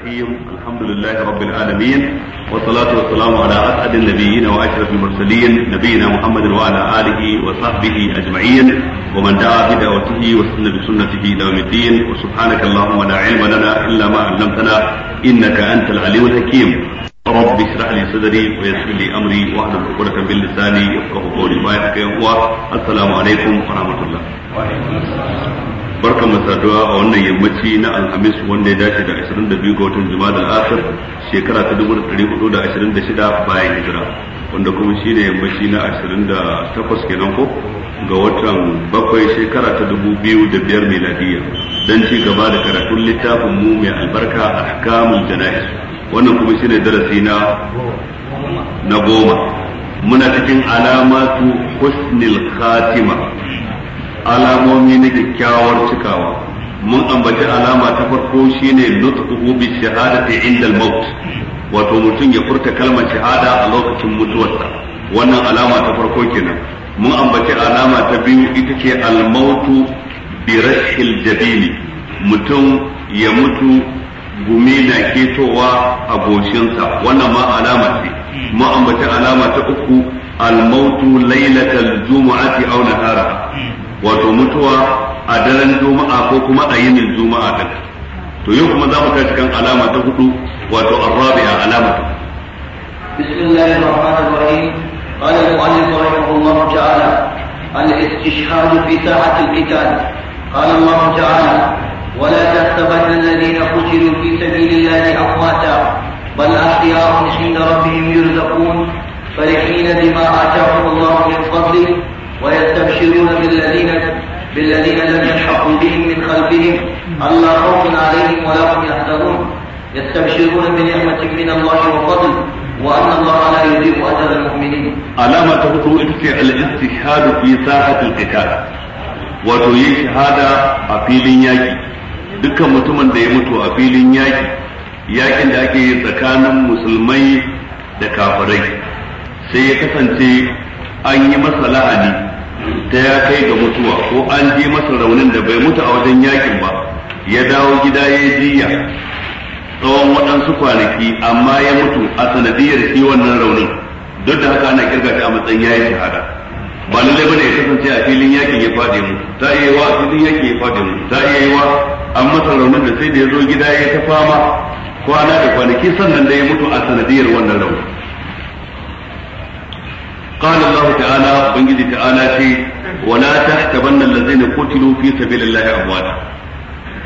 الرحيم الحمد لله رب العالمين والصلاة والسلام على أسعد النبيين وأشرف المرسلين نبينا محمد وعلى آله وصحبه أجمعين ومن دعا بدعوته وسن بسنته إلى يوم الدين وسبحانك اللهم لا علم لنا إلا ما علمتنا إنك أنت العليم الحكيم رب اشرح لي صدري ويسر لي أمري واحلل عقدة من لساني يفقه قولي ما هو السلام عليكم ورحمة الله وعليكم السلام barka mu saduwa a wannan yammaci na alhamis wanda ya dace da 22 ga watan jumada al'asir shekara ta 1426 bayan hijira wanda kuma shi ne yammaci na 28 kenan ko ga watan bakwai shekara ta 2005 miladiya don ci gaba da karatun littafin mu mai albarka a kamun janayis wannan kuma shi ne darasi na na goma muna cikin alamatu husnil khatima alamomi na kyakkyawar cikawa mun ambaci alama ta farko shine nutquhu bi shahadati inda al-maut wato mutum ya furta kalmar shahada a lokacin mutuwarsa wannan alama ta farko kenan mun ambaci alama ta biyu ita ce al-mautu bi rashil jabini mutum ya mutu gumi na ketowa a goshinsa wannan ma alama ce mun ambaci alama ta uku al-mautu laylatal jumu'ati aw nahara wato mutuwa a daren juma'a ko kuma a yinin juma'a din to yau kuma za mu kai cikin alama ta hudu wato arabi'a alama ta الاستشهاد في ساعة القتال قال الله تعالى ولا تحسبن الذين قتلوا في سبيل الله أمواتا بل أحياء عند ربهم يرزقون فرحين بما آتاهم الله من فضله ويستبشرون بالذين بالذين لم يلحقوا بهم من خلفهم ألا خوف عليهم ولا هم يحزنون يستبشرون بنعمة من الله وفضل وأن الله لا يضيع أجر المؤمنين. علامة تبدو الاستشهاد في ساحة القتال. wato yin shahada a filin yaki dukkan mutumin da ya mutu a filin yaki yakin da ake yi tsakanin musulmai da kafirai sai ya kasance an yi masa la'ani ta ya kai ga mutuwa ko an je masa raunin da bai mutu a wajen yakin ba ya dawo gida ya jiya tsawon waɗansu kwanaki amma ya mutu a sanadiyar shi wannan raunin duk da haka ana kirga shi a matsayin yayin shahada ba lallai bane ya kasance a filin yakin ya fade mu ta iya yi wa a filin yakin ya fade mu ta iya yi wa an masa raunin da sai da ya zo gida ya ta fama kwana da kwanaki sannan da ya mutu a sanadiyar wannan raunin قال الله تعالى بنجد تعالى شيء ولا تحسبن الذين قتلوا في سبيل الله أمواتا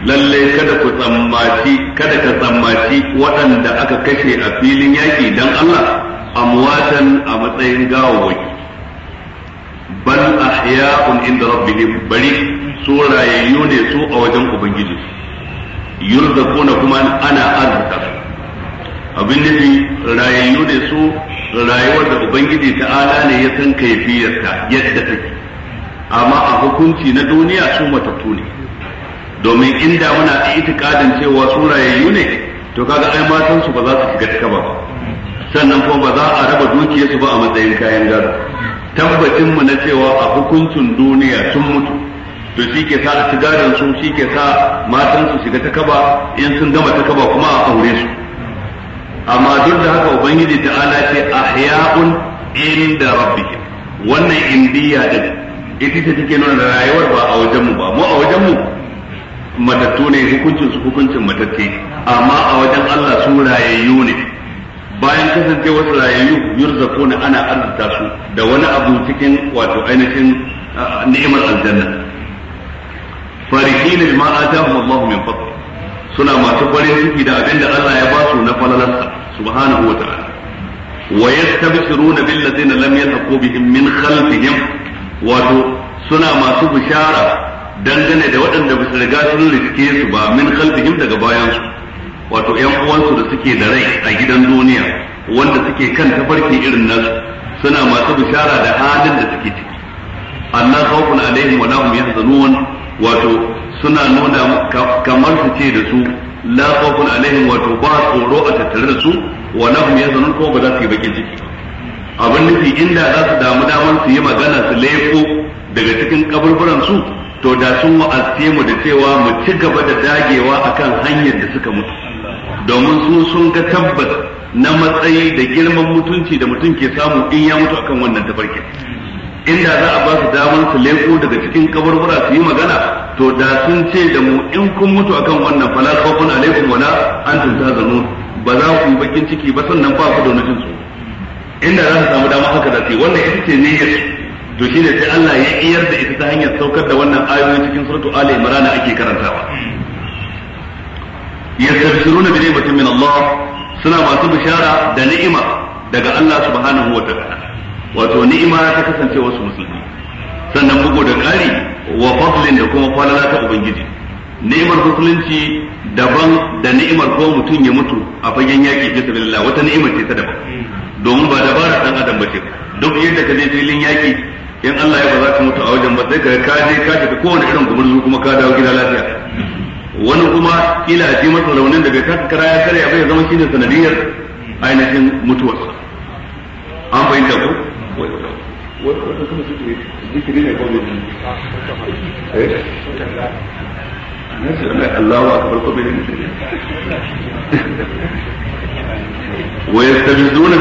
lalle kada ku tsammaci kada ka tsammaci waɗanda aka kashe a filin yaƙi dan Allah amwatan a matsayin gawawwaki bal ahya'un inda rabbihim bari su rayayyu ne su a wajen ubangiji yurzaquna kuma ana arzuka abin nufi rayayyu ne su rayuwar da ubangiji ala ne ya san kaifiyarta yadda take amma a hukunci na duniya su matattu ne domin inda muna da itikadin cewa su rayayyu ne to kaga ai matan su ba za su shiga taka ba sannan kuma ba za a raba dukiyarsu ba a matsayin kayan gado tabbacin mu na cewa a hukuncin duniya sun mutu to shi ke sa a ci gadon shi ke sa matan su shiga ta kaba in sun gama ta kaba kuma a aure su amma duk da haka ubangiji ta'ala ce ahya'un inda rabbihim wannan indiya din ita ce take nuna da rayuwar ba a wajenmu ba mu a wajenmu matattu ne hukuncin su hukuncin matatte amma a wajen Allah su rayayyu ne bayan kasance wasu rayayyu ne ana arzuta su da wani abu cikin wato ainihin ni'imar aljanna farihin bima atahum Allah min fadl suna masu farin ciki da abin da Allah ya ba su na falalarsa subhanahu wa ta'ala wa yastabshiruna bil ladina lam yalhaqu bihim min khalfihim wato suna masu bishara dangane da waɗanda ba su riga sun riske su ba min khalfihim daga bayan su wato ƴan uwansu da suke da rai a gidan duniya wanda suke kan tafarki irin nasu suna masu bishara da halin da suke ciki Allah khawfun alaihim wa lahum yahzanun wato suna nuna kamar su ce da su la khawfun wato ba tsoro a tattare da su wa lahum yazunun ko ba za su yi bakin ciki abin nufi inda za su damu damar su yi magana su leko daga cikin kaburburan su to da sun wa'azce mu da cewa mu ci gaba da dagewa akan hanyar da suka mutu domin su sun ga tabbas na matsayi da girman mutunci da mutum ke samu in ya mutu akan wannan tafarki. inda za a ba su damar su leko daga cikin kaburbura su yi magana to da sun ce da mu in kun mutu akan wannan fala khawfun alaikum wala ta tahzanun ba za ku yi bakin ciki ba sannan ba ku da inda za su samu damar haka da su wannan ita ce niyyar to shi ne sai Allah ya iyar da ita ta hanyar saukar da wannan ayoyi cikin suratu Ali Imran ake karantawa yastabshiruna bi ni'matin min Allah suna masu bishara da ni'ima daga Allah subhanahu wa ta'ala wato ni'ima ta kasance wasu musulmi sannan bugu da ƙari wa fadlin da kuma falala ta ubangiji ni'imar musulunci daban da ni'imar ko mutum ya mutu a fagen yaƙi fi sabilillah wata ni'imar ce ta daban domin ba dabara dan adam bace duk yadda ka je filin yaƙi in Allah ya ba za ka mutu a wajen ba sai ka ka je ka tafi kowane irin gumurzu kuma ka dawo gida lafiya wani kuma kila ji masa raunin da bai kasa kara ya karya ya zama shine sanadiyar ainihin mutuwarsa an fahimta ko wannan kuma ne بالذين ويستبشرون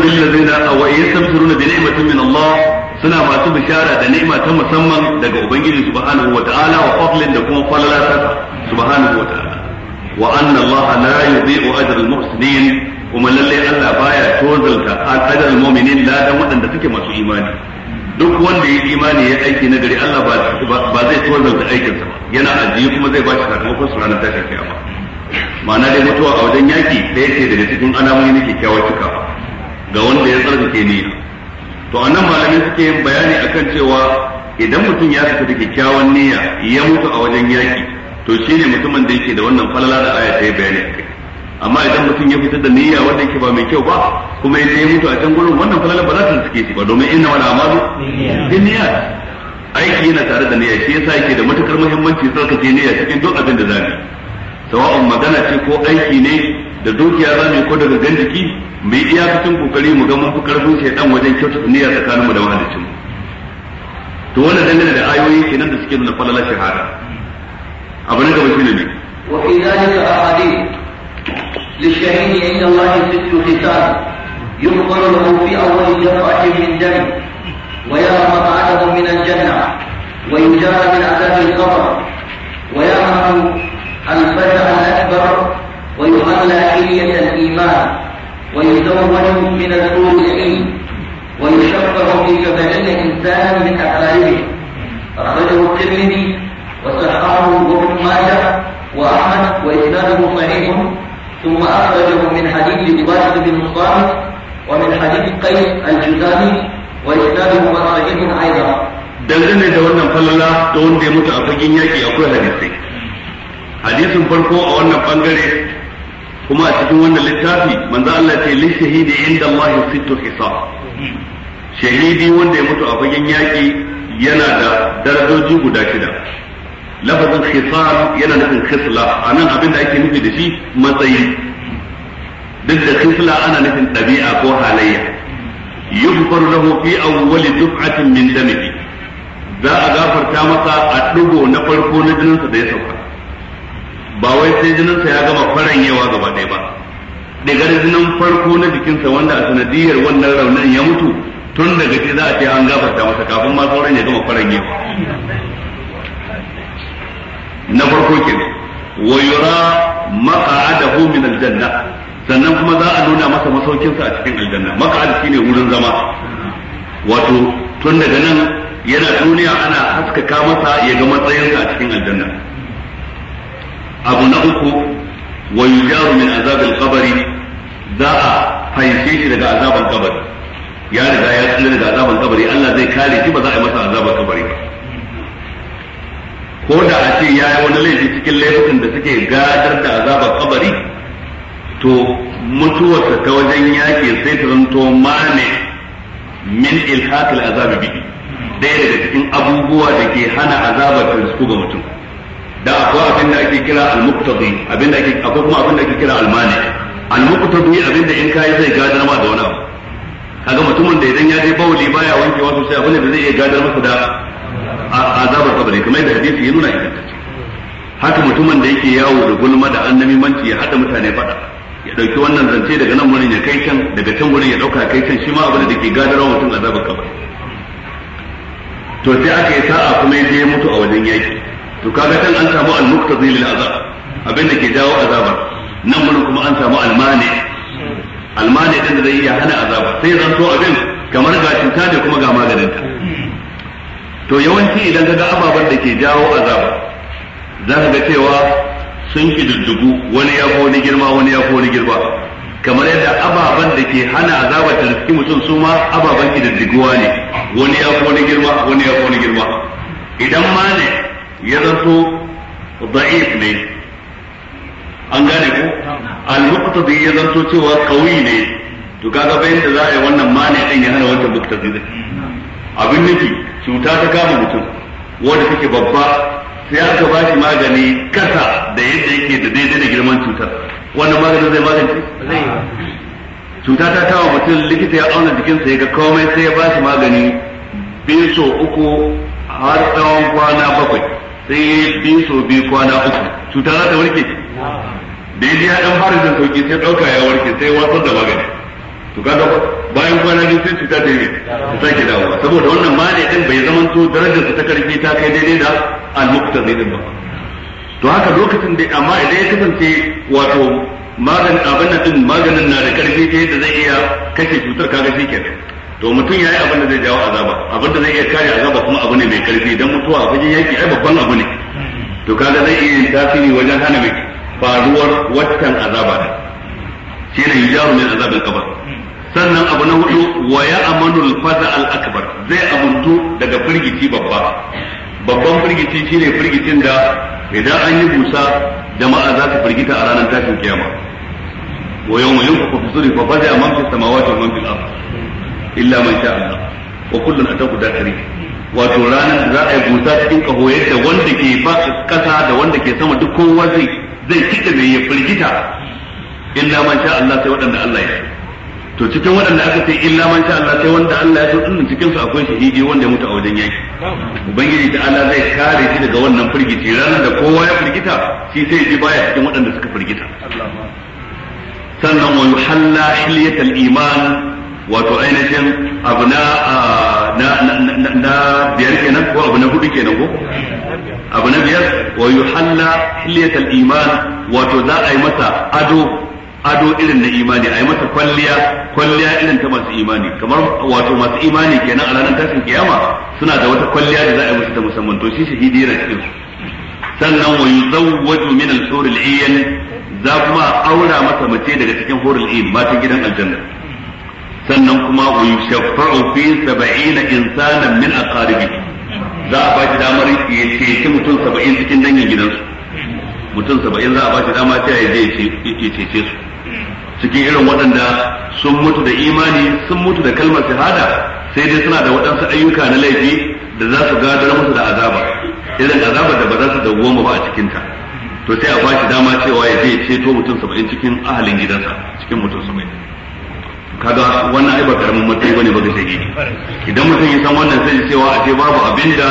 بنعمة من الله suna masu bishara da nima ta musamman daga ubangiji subhanahu wataala wa fadlin da kuma falala ta subhanahu wataala wa anna Allah la yudhi'u kuma lallai Allah baya tozalta asadal mu'minin ladan waɗanda suke masu imani duk wanda ya imani ya aiki na gari Allah ba zai tozalta aikin ba yana ajiye kuma zai ba shi sakamakon su ranar tashin kiyama ma'ana dai mutuwa a wajen yaki ɗaya ce daga cikin alamomi na kyakkyawar cika ga wanda ya tsarkake niyya to anan malamin suke yin bayani akan cewa idan mutum ya saka da kyakkyawan niyya ya mutu a wajen yaki to shine mutumin da yake da wannan falala da aya ta yi bayani amma idan mutum ya fitar da niyya wanda yake ba mai kyau ba kuma ya ya mutu a can gurin wannan falalar ba za ta suke shi ba domin inna wala amalu bin niyya aiki yana tare da niyya shi yasa yake da matukar muhimmanci tsarkake niyya cikin duk abin da zamu sawa'un magana ce ko aiki ne da dukiya zamu ko daga jiki mu yi iyakacin kokari mu ga mun fi karfin shaydan wajen kyautata niyya tsakanin mu da mahalicin to wannan dangane da ayoyi kenan da suke nuna falalar shahada abu na gaba shine ne wa fi zalika ahadith للشهيد عند الله ست ختام يغفر له في أول جرعة من دم ويرى مقعده من الجنة ويجار من عذاب القبر ويعمل الفتح الأكبر ويغلى حلية الإيمان ويزوج من الحور العين ويشفع في سبعين إنسانا من أقاربه أخرجه الترمذي وصححه وابن ماجه وأحمد وإسناده صحيح ثم أخرجه من حديث عبادة بن الصامت ومن حديث قيس الجزامي وإسناده صحيح أيضا dangane da wannan falala da wanda ya mutu a fagen yaki akwai hadisai hadisin farko a wannan bangare kuma a cikin wannan littafi manzo Allah ce lil shahidi inda Allah sittu hisab shahidi wanda ya mutu a fagen yaƙi yana da darajoji guda shida lafazin khisal yana nufin khisla anan abin da ake nufi da shi matsayi duk da khisla ana nufin ɗabi'a ko halayya yughfaru lahu fi awwali duf'atin min damihi za a gafarta masa a dugo na farko na jininsa da ya sauka ba wai sai jininsa ya gama faranyewa gaba ɗaya ba daga jinin farko na jikinsa wanda a sanadiyar wannan raunin ya mutu tun daga ce za a ce an gafarta masa kafin ma sauran ya gama faranyewa na farko kenan wa yura maq'adahu min aljanna sannan kuma za a nuna masa masaukinsa a cikin aljanna maq'ad shine wurin zama wato tun daga nan yana duniya ana haskaka masa ya ga matsayinsa a cikin aljanna abu na uku wa yujaru min azabil qabri za a haife shi daga azaban kabari ya riga ya tsira daga azaban kabari Allah zai kare shi ba za a yi masa azaban kabari ba ko da a ce ya yi wani laifi cikin laifukan da suke gadar da azabar kabari to mutuwarsa ta wajen yaƙi sai ta zanto mane min ilhaqil azabi bi. Daya daga cikin abubuwa da ke hana azabar ta risku ga mutum da akwai abin da ake kira al-muqtadi abin da ake akwai kuma abin da ake kira al-mani al-muqtadi abin da in kai zai gadar ma da wani abu kaga mutumin da idan ya je bawli baya wankewa sosai abin da zai iya gadar masa da azabar kabari kamar yadda hadisi ya nuna ingantacce haka mutumin da yake yawo da gulma da annami manci ya hada mutane fada ya dauki wannan zance daga nan wurin ya kai can daga can wurin ya dauka kai can shi ma abin da ke gadarawa mutum azabar kabari to sai aka yi sa'a kuma ya je mutu a wajen yaki to kaga kan an samu al-muqtadi lil azab abin da ke jawo azabar nan wurin kuma an samu al-mani al-mani din da zai iya hana azaba sai zan so abin kamar ga cuta da kuma ga maganin ta to yawanci idan ka ga ababen da ke jawo azaba za ka ga cewa sun kididdigu wani ya wani girma wani ya wani girma kamar yadda ababen da ke hana azaba ta riski mutum su ma ababen kididdiguwa ne wani ya wani girma wani ya wani girma idan ma ne ya zanto da'if ne an gane ko al bi ya zanto cewa qawi ne to kaga bayan da za a yi wannan mane din ya hana wannan muqtadi din abin nufi cuta ta kama mutum wanda take babba sai aka ba shi magani kasa da yadda yake da daidai da girman cutar wannan maganin zai magance cuta ta kama mutum likita ya auna jikinsa ya ga komai sai ya ba shi magani biyu so uku har tsawon kwana bakwai sai ya biyu so biyu kwana uku cuta za ta warke da ya ɗan fara jin sauki sai ɗauka ya warke sai watsar da magani to kaga bayan kwana biyu sai cuta ta yi ta sake dawo saboda wannan mali din bai zama to darajar ta karfi ta kai daidai da al-muqtadi din ba to haka lokacin da amma idan ya kasance wato maganin abin nan din maganin na da karfi ta yadda zai iya kashe cutar kaga shi kenan to mutum yayi abin da zai jawo azaba abin da zai iya kare azaba kuma abu ne mai karfi dan mutuwa a fagen yaki ai babban abu ne to kaga zai iya yin tasiri wajen hana mai faruwar watan azaba da shi ne yujaru min azabin kabar sannan abu na hudu wa ya amanul faza al akbar zai amuntu daga firgici babba babban firgici shine firgicin da idan an yi busa jama'a za su firgita a ranar tashin kiyama wa yawma yunfaku fi suri fa faza man fi samawati wa man fil ard illa man sha Allah wa kullun ataku dakari wato ranar da za a yi busa cikin kaho yadda wanda ke kasa da wanda ke sama duk kowa zai zai kike mai ya firgita illa man sha Allah sai waɗanda Allah ya yi to cikin waɗanda aka ce illa man sha Allah sai wanda Allah ya so din cikin su akwai shahidi wanda ya mutu a wajen yaki ubangiji ta Allah zai kare shi daga wannan firgici ranar da kowa ya firgita shi sai ji baya cikin waɗanda suka firgita sannan wa yuhalla hilyatal iman wato ainihin abu na na biyar kenan ko abu na hudu kenan ko abu na biyar wa yuhalla hilyatal iman wato za a yi masa ado ado irin na imani a yi mata kwalliya kwalliya irin ta masu imani kamar wato masu imani kenan a ranar tashin kiyama suna da wata kwalliya da za a yi musu ta musamman to shi shahidi yana cikin su sannan wa yuzawwaju min al-hur al-ayn za kuma aura masa mace daga cikin hur al-ayn matan gidan aljanna sannan kuma wa yushaffa'u fi 70 insanan min aqaribi za a ba shi damar ya ceci mutum 70 cikin dangin gidansu mutum 70 za a ba shi dama ta ya je ya su cikin irin waɗanda sun mutu da imani sun mutu da kalmar shahada sai dai suna da waɗansu ayyuka na laifi da za su gadar musu da azaba irin azabar da ba za su dawwama ba a cikinta to sai a ba shi dama cewa ya je ceto mutum saba'in cikin ahalin gidansa cikin mutum saba'in kaga wannan ai ba karamin matsayi bane ba ga shege idan mutum ya san wannan sai cewa a ce babu abin da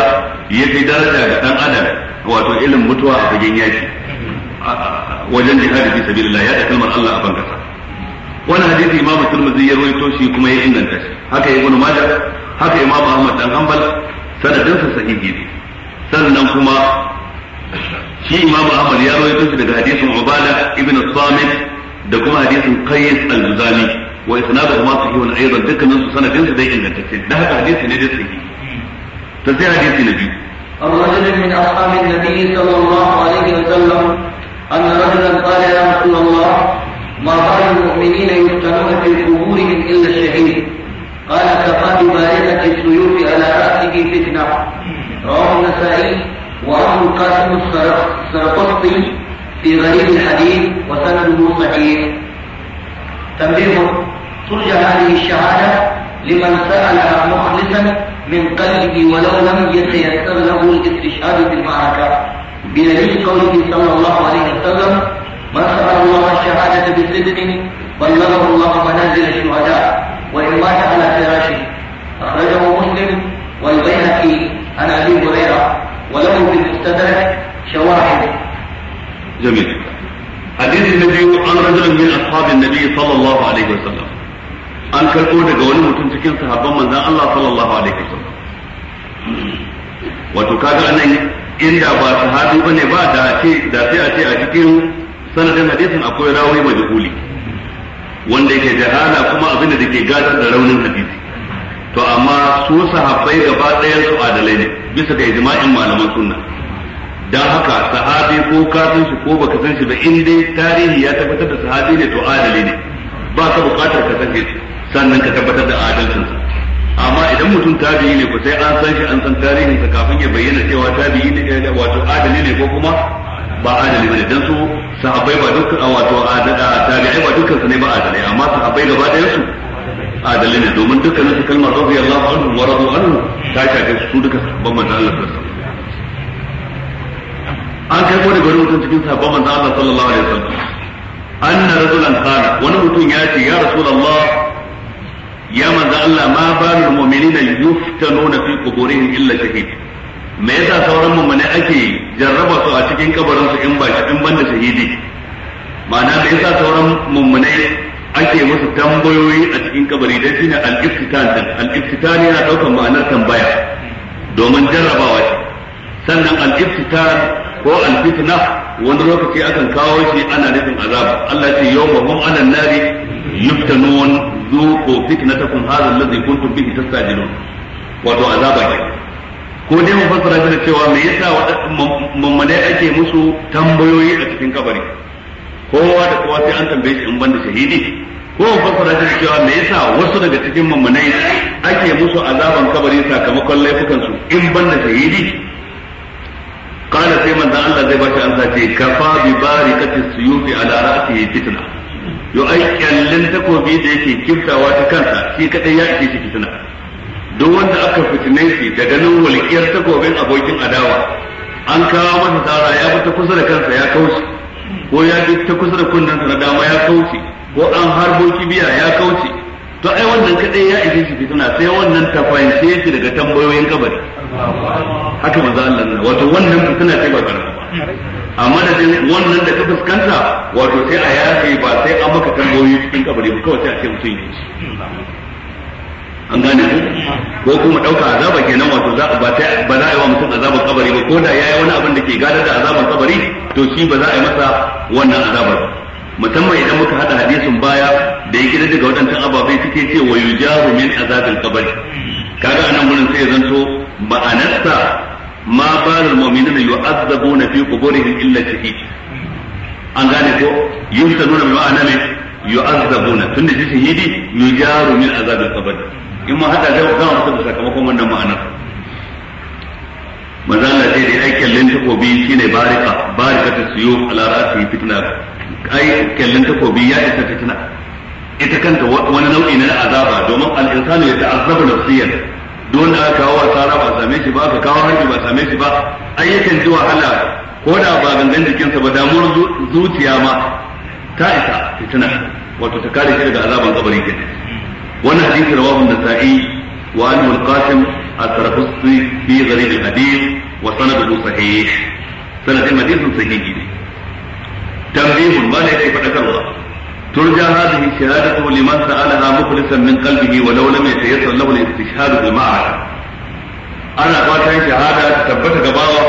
ya fi daraja ga dan adam wato ilin mutuwa a fagen yaki wajen jihadi fi sabilillah ya da kalmar Allah a bangasa wannan hadisi imam turmuzi ya rawaito shi kuma ya inganta shi haka ya ibnu majah haka imam ahmad dan hanbal sanadin sa sahihi ne sannan kuma shi imam ahmad ya rawaito shi daga hadisin ubada ibn samit da kuma hadisin qais al-juzani wa isnaduhu ma sahihun aidan dukkanin su sanadin su dai ingantacce da haka hadisi ne da sahihi to sai hadisi na biyu الرجل من أصحاب النبي صلى الله عليه وسلم أن رجلا قال يا رسول الله ما رأى المؤمنين يفتنون في قبورهم إلا الشهيد قال كفى ببارقة السيوف على رأسه فتنة رواه النسائي وأبو القاسم السرقطي في غريب الحديث وسنده صحيح تنبيه ترجع هذه الشهادة لمن سألها مخلصا من قلبه ولو لم يتيسر له الاستشهاد في المعركة بدليل قوله صلى الله عليه وسلم من سأله الله الشهادة بصدق بلغه الله منازل الشهداء وإن مات على فراشه أخرجه مسلم والبيهقي عن أبي هريرة وله في المستدرك شواهد جميل حديث النبي عن رجل من أصحاب النبي صلى الله عليه وسلم an karɓo daga wani mutum cikin sahabban manzan Allah sallallahu alaihi wasallam wato kaga anan inda ba sahabi bane ba da ce da sai a ce a cikin sanadin hadisin akwai rawi majhuli wanda yake jahala kuma abin da ke gadar da raunin hadisi to amma su sahabbai gaba ɗayan su adalai ne bisa ga ijma'in malaman sunna dan haka sahabi ko kafin shi ko baka san shi ba in dai tarihi ya tabbatar da sahabi ne to adali ne ba ka bukatar ka san shi sannan ka tabbatar da adalcin sa amma idan mutum tabi'i ne ko sai an san shi an san tarihin sa kafin ya bayyana cewa tabi'i ne wato adali ne ko kuma ba adali bane dan su sahabbai ba dukkan a wato adada tabi'ai ba dukkan su ne ba adalai amma sahabbai gaba ɗayan su adalai ne domin dukkan su kalma kalmar radiyallahu anhu wa radu anhu ta shafe su duka ban manzo Allah an kai ko daga rubutun cikin sahabban manzo Allah sallallahu alaihi wasallam anna rajulan qala wani mutum ya ce ya rasulullah ya manzo Allah ma ba balul mu'minina yuftanuna fi quburihim illa shahid me yasa sauran mummune ake jarraba su a cikin kabarin su in ba shi in banda shahidi ma'ana me yasa sauran mummune ake musu tambayoyi a cikin kabari dai shine al-iftitan din al-iftitan yana daukan ma'anar tambaya domin jarrabawa shi sannan al-iftitan ko al-fitna wani lokaci akan kawo shi ana nufin azab Allah ya ce yawma hum 'alan nari yuftanun zuqu fitnatakum hadha alladhi kuntum bihi tastajilun wato azaba ko dai mu fassara da cewa me yasa mummune ake musu tambayoyi a cikin kabari kowa da kowa sai an tambaye shi in banda shahidi ko mu fassara da cewa me yasa wasu daga cikin mummune ake musu azaban kabari sakamakon laifukan su in banda shahidi kana sai manzo Allah zai bashi an sace kafa bi barikati suyufi ala ra'sihi fitna yo ai kallin takobi da yake kiftawa ta kansa shi kadai ya ishe shi fitna duk wanda aka fitine shi da ganin walƙiyar takobin abokin adawa an kawo masa tsara ya fi ta kusa da kansa ya kauce ko ya fi ta kusa da kunnensa na dama ya kauce ko an harbo kibiya ya kauce to ai wannan kadai ya ije shi fituna sai wannan ta fanshe shi daga tambayoyin kabari haka manzo Allah ne wato wannan fituna ce ba karama amma da wannan da ka fuskanta wato sai a yafe ba sai an maka tambayoyi cikin kabari ba kawai sai a ce mutum ya an gane ko ko kuma dauka azaba kenan wato za ba ta ba za a yi wa mutum azabar kabari ba ko da yayi wani abin da ke gadar da azabar kabari to shi ba za a yi masa wannan azabar musamman idan muka hada hadisin baya da ya gida daga waɗancan ababai suke ce wa yujaru min azabil kabari kaga anan gurin sai zanto ba anasta ma balul mu'minina yu'azzabuna fi quburihim illa shahid an gane ko yusanuna bi ma'ana ne yu'azzabuna tunda shi shahidi yujaru min azabil kabari in ma hada da zama fitar da sakamakon wannan ma'anar manzo Allah da dai ai kallon takobi shine barika barika ta siyo ala ra'si fitna ai kallon takobi ya isa fitna ita kanta wani nau'i na azaba domin al-insanu ya ta'azzaba nafsiyan don da aka kawo asara ba same shi ba Ka kawo harbi ba same shi ba ayyukan ji wahala ko da ba gangan jikinsa ba damuwar zuciya ma ta isa fitina wato ta kare shi daga azaban kabari kenan wannan hadisi rawahu an-nasa'i wa an al-qasim at-tarqusi fi gharib al-hadith wa sanaduhu sahih sanadin hadisin sahihi ne tanbihun ma ne ke fadakarwa ترجى هذه الشهادة لمن سألها مخلصا من قلبه ولو لم يتيسر له الاستشهاد بالمعركة. أنا فاتن شهادة تثبت جبارة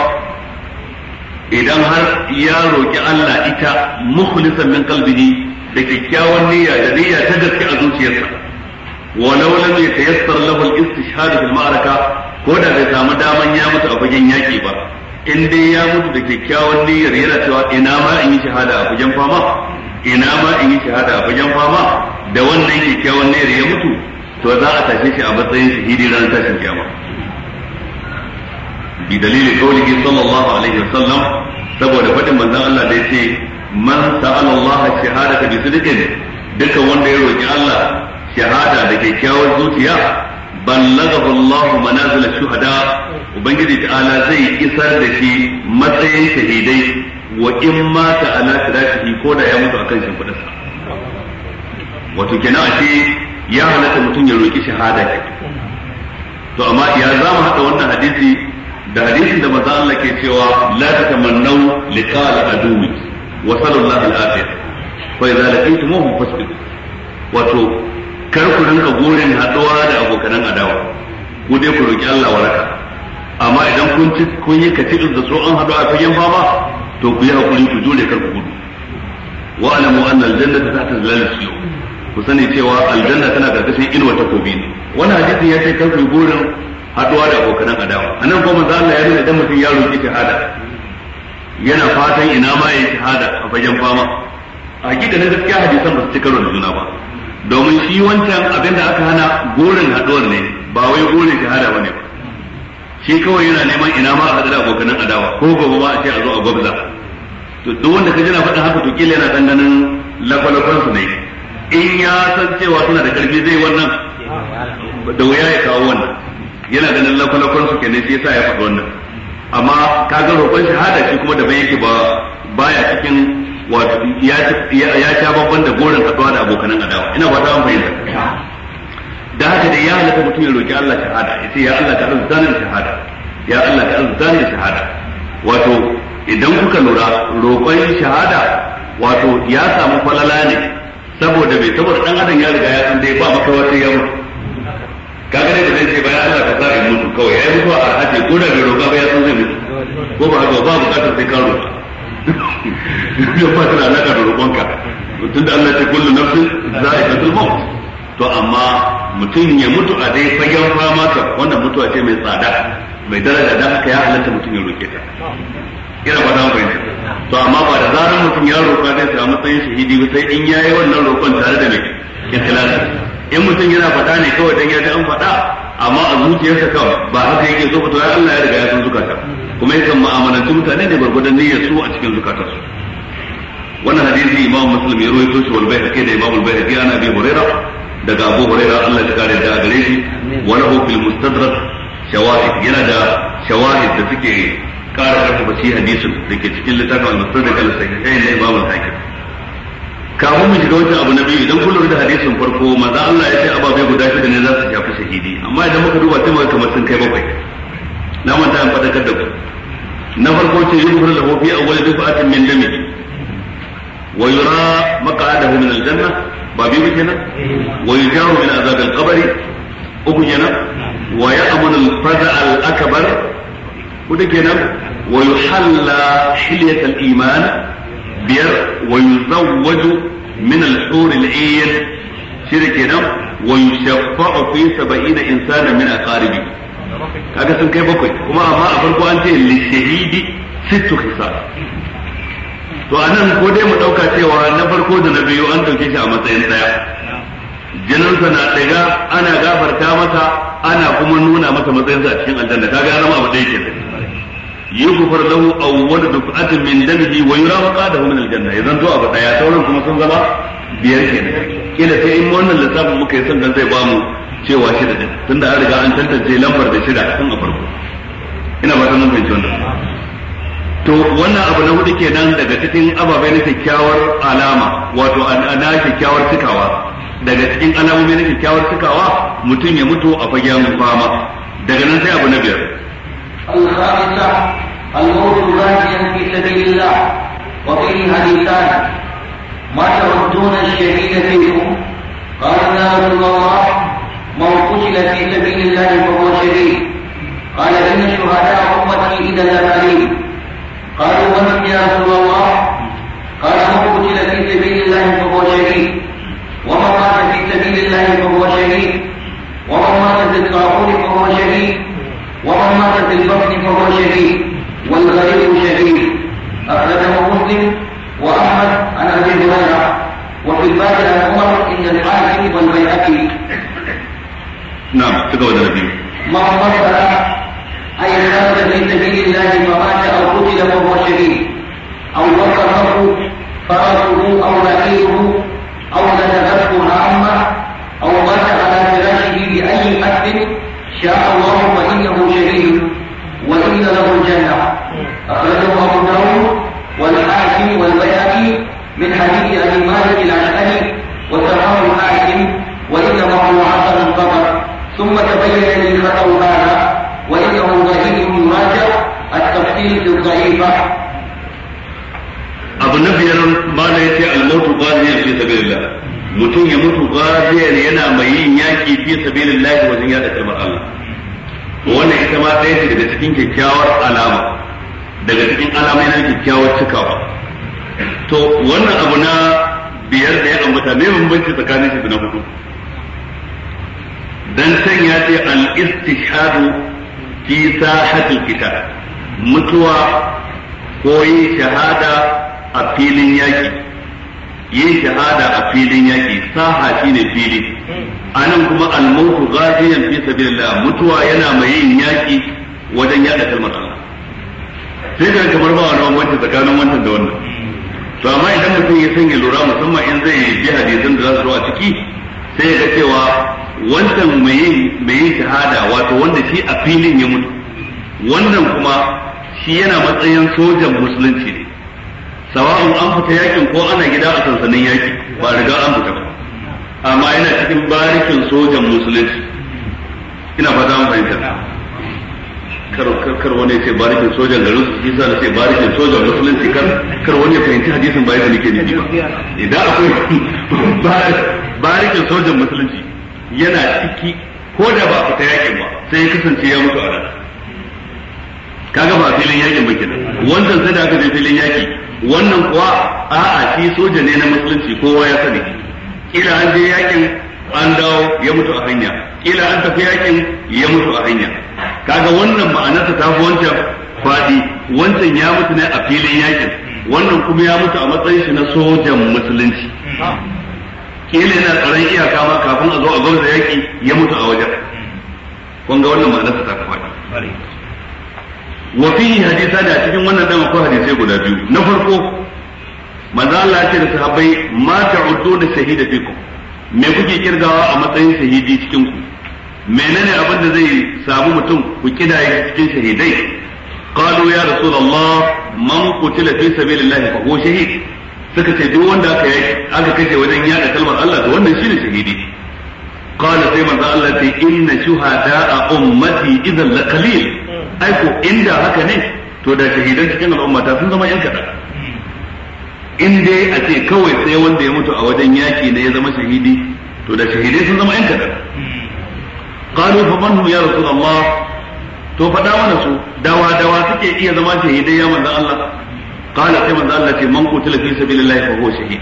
idan har ya roƙi Allah ita mukhlisan min qalbihi da kyakkyawan niyya da niyya ta gaske a zuciyarsa walau lam yatayassar lahu al-istishhad bil ma'araka ko da bai samu daman ya mutu a fagen yaki ba in dai ya mutu da kyakkyawan niyyar yana ina ma in yi shahada a fagen fama ina ma in yi shahada a fagen fama da wannan kyakkyawan niyyar ya mutu to za a tashe shi a matsayin shahidi ranar tashin kiyama bi dalili kaulihi sallallahu alaihi wasallam saboda faɗin manzon Allah da yace man sa'ala Allah shahadata bi sidqin duka wanda ya roki Allah shahada da kyakkyawar zuciya ballagahu Allah manazil shuhada ubangiji ta'ala zai isar da shi matsayin shahidai wa in ta ala shi ko da ya mutu akan sa wato kenan ce ya halatta mutum ya roki shahada ke. to amma ya za mu haɗa wannan hadisi da hadisin da maza Allah ke cewa la ta liqa al adumi wa sallallahu al sallam fa idza laqitumuhum fasbitu wato kar ku rinka gurin haɗuwa da abokanan adawa ku dai ku roki Allah waraka amma idan kun ci kun yi katil da so an haɗu a fagen fama to ku yi hakuri ku jure kar ku gudu wa alamu anna aljannata tahta zilal suyum ku sani cewa aljanna tana karkashin inuwa takobi ne wannan hadisi ya ce kar ku gurin haɗuwa da abokanan adawa anan kuma manzo Allah ya nuna idan mutum ya roki shahada yana fatan ina ma ya shahada a fagen fama a gidan na gaskiya hadisan ba su ci karo da juna ba domin shi wancan abin da aka hana gorin haɗuwar ne ba wai gorin shahada wani. ba shi kawai yana neman ina ma a hadar abokanan adawa ko gobe ma a ce a zo a gwabza to duk wanda ka jira faɗin haka to kila yana dandanan lakwalakwan su ne in ya san cewa suna da karfi zai wannan da wuya ya kawo wannan yana ganin lakwalakwan su kenan shi yasa ya faɗi wannan amma kaga roƙon shahada shi kuma da bai yake ba baya cikin wato ya ta babban da goren haduwa da abokanan adawa ina ba ta an fahimta da haka dai ya halatta mutum ya roki Allah shahada ya ce ya Allah ta arzuta shahada ya Allah ta arzuta shahada wato idan kuka lura roƙon shahada wato ya samu falala ne saboda bai saboda dan adam ya riga ya san dai ba makawa sai ya kaga dai da zai ce bayan Allah ka sa in mutu kawai ya zuwa a hace ko da bai roƙa ba ya san zai mutu ko ba haka ba bukatar sai ka roƙa da fata ta da alaka da roƙonka da Allah ce kullu nafsin za'iqatul maut to amma mutum ya mutu a dai fagen fama ka wannan mutuwa ce mai tsada mai daraja da haka ya halatta mutum ya roƙe ta ina ba dan bayyana to amma ba da zaran mutum ya roƙa zai samu matsayin shahidi ba sai in yayi wannan roƙon tare da mai ya ikhlasi in mutum yana faɗa ne kawai dan ya ji an faɗa amma a zuciyarsa kan ba haka yake so fito ya Allah ya riga ya san zukata kuma yakan mu'amalanci mutane ne gwargwadon niyyar su a cikin su. wannan hadisi imam muslim ya rawaito shi wal bayhaqi da imamu al bayhaqi ana bi hurairah daga abu hurairah Allah ya kare da gare shi wa lahu fil mustadrak shawahid yana da shawahid da suke kara karfafa shi hadisin da ke cikin littafin al mustadrak al sahihain na imamu al hakim kafin mu shiga wancan abu na biyu idan kun da hadisin farko manzo Allah ya ce ababe guda shida ne za su shafi shahidi amma idan muka duba sai muka kamar sun kai bakwai na manta an fadakar da ku na farko ce yuhur lahu fi awwal dufa'atin min dami wa yura maq'adahu min al-janna ba biyu kenan wa yujaru min azab al uku kenan wa ya'munu al-faza al-akbar hudu kenan wa yuhalla hilyat al biyar wa yuzawwaju min al-hur al-ayn shine kenan wa yushaffa'u fi 70 insana min aqaribi kaga sun kai bakwai kuma amma a farko an ce li shahidi sittu hisab to anan ko dai mu dauka cewa na farko da na biyu an dauke shi a matsayin daya jininsa na daga ana gafarta masa ana kuma nuna masa matsayinsa a cikin aljanna kaga ya zama abu da yake yughfar lahu awwalu duf'atin min damihi wa yurawa qadahu min aljanna idan to abu ya sauran kuma sun zama biyar kenan kila sai in wannan lissafin muka yi sannan zai ba mu cewa shi da din tunda an riga an tantance lambar da shida tun a farko ina ba ta mun fahimci wannan to wannan abu na hudu kenan daga cikin ababai na kyakkyawar alama wato na kyakkyawar cikawa daga cikin alamomi na kyakkyawar cikawa mutum ya mutu a fagen fama daga nan sai abu na biyar الخامسة الموت غازيا في سبيل الله وفيه حديثان ما تردون الشهيد فيكم قال يا رسول الله من قتل في سبيل الله فهو شهيد قال ان شهداء امتي اذا لا قالوا ومن يا رسول الله نعم تقول ہزار محمد cikin kyakkyawar alama daga cikin alama yana kyakkyawar cikawa to wannan abu na biyar da ya ambata me bambanci tsakanin shi na hudu dan san ya ce al-istishhadu fi sahatil kita mutuwa ko yin shahada a filin yaki yin shahada a filin yaki saha shine fili hmm. anan kuma al-mautu ghadiyan fi sabilillah mutuwa yana mai yin yaki wajen yada kalmar Allah sai ga kamar ba wani bambanci tsakanin wannan da wannan to amma idan mutum ya sanya lura musamman in zai bi hadisan da za su a ciki sai ya ga cewa wancan mai yin shahada wato wanda shi a filin ya mutu wannan kuma shi yana matsayin sojan musulunci ne sawa'un an fita yakin ko ana gida a sansanin yaki ba riga an fita ba amma yana cikin barikin sojan musulunci ina fata mun fahimta kar kar wani ce barikin sojan garin su isa na ce barikin sojan musulunci kar kar wani fahimci hadisin bayan da nake nufi ba idan akwai barikin sojan musulunci yana ciki ko da ba fita yakin ba sai ya kasance ya mutu a rana kaga ba filin yakin ba kenan wannan sai da aka je filin yaki wannan kuwa a'a shi soja ne na musulunci kowa ya sani kira an je yakin an dawo ya mutu a hanya kila an tafi yakin ya mutu a hanya kaga wannan ma'anarsa ta fi wancan fadi wancan ya mutu ne a filin yakin wannan kuma ya mutu a matsayin shi na sojan musulunci kila yana tsaron iyaka ma kafin a zo a gwamnati yaki ya mutu a wajen kun ga wannan ma'anarsa ta fi fadi wa fihi hadisa da cikin wannan dan akwai hadisai guda biyu na farko manzo Allah ya ce da sahabbai ma ta'uddu da shahida fikum me kuke kirgawa a matsayin shahidi cikin ku menene abin da zai samu mutum ku kidaye cikin shahidai qalu ya rasulullah man qutila fi sabilillah fa huwa shahid suka ce duk wanda aka yi aka kashe wajen yada kalmar Allah to wannan shine shahidi qala sai manzo Allah ce inna shuhada'a ummati idan la qalil ai ko inda haka ne to da shahidan cikin al'umma ta sun zama yan kadan in dai a ce kawai sai wanda ya mutu a wajen yaki ne ya zama shahidi to da shahidai sun zama yan kadan qalu fa man ya rasulullah to fada mana su dawa dawa suke iya zama shahidai ya manzo Allah qala sai manzo Allah ce man qutila fi sabilillah fa huwa shahid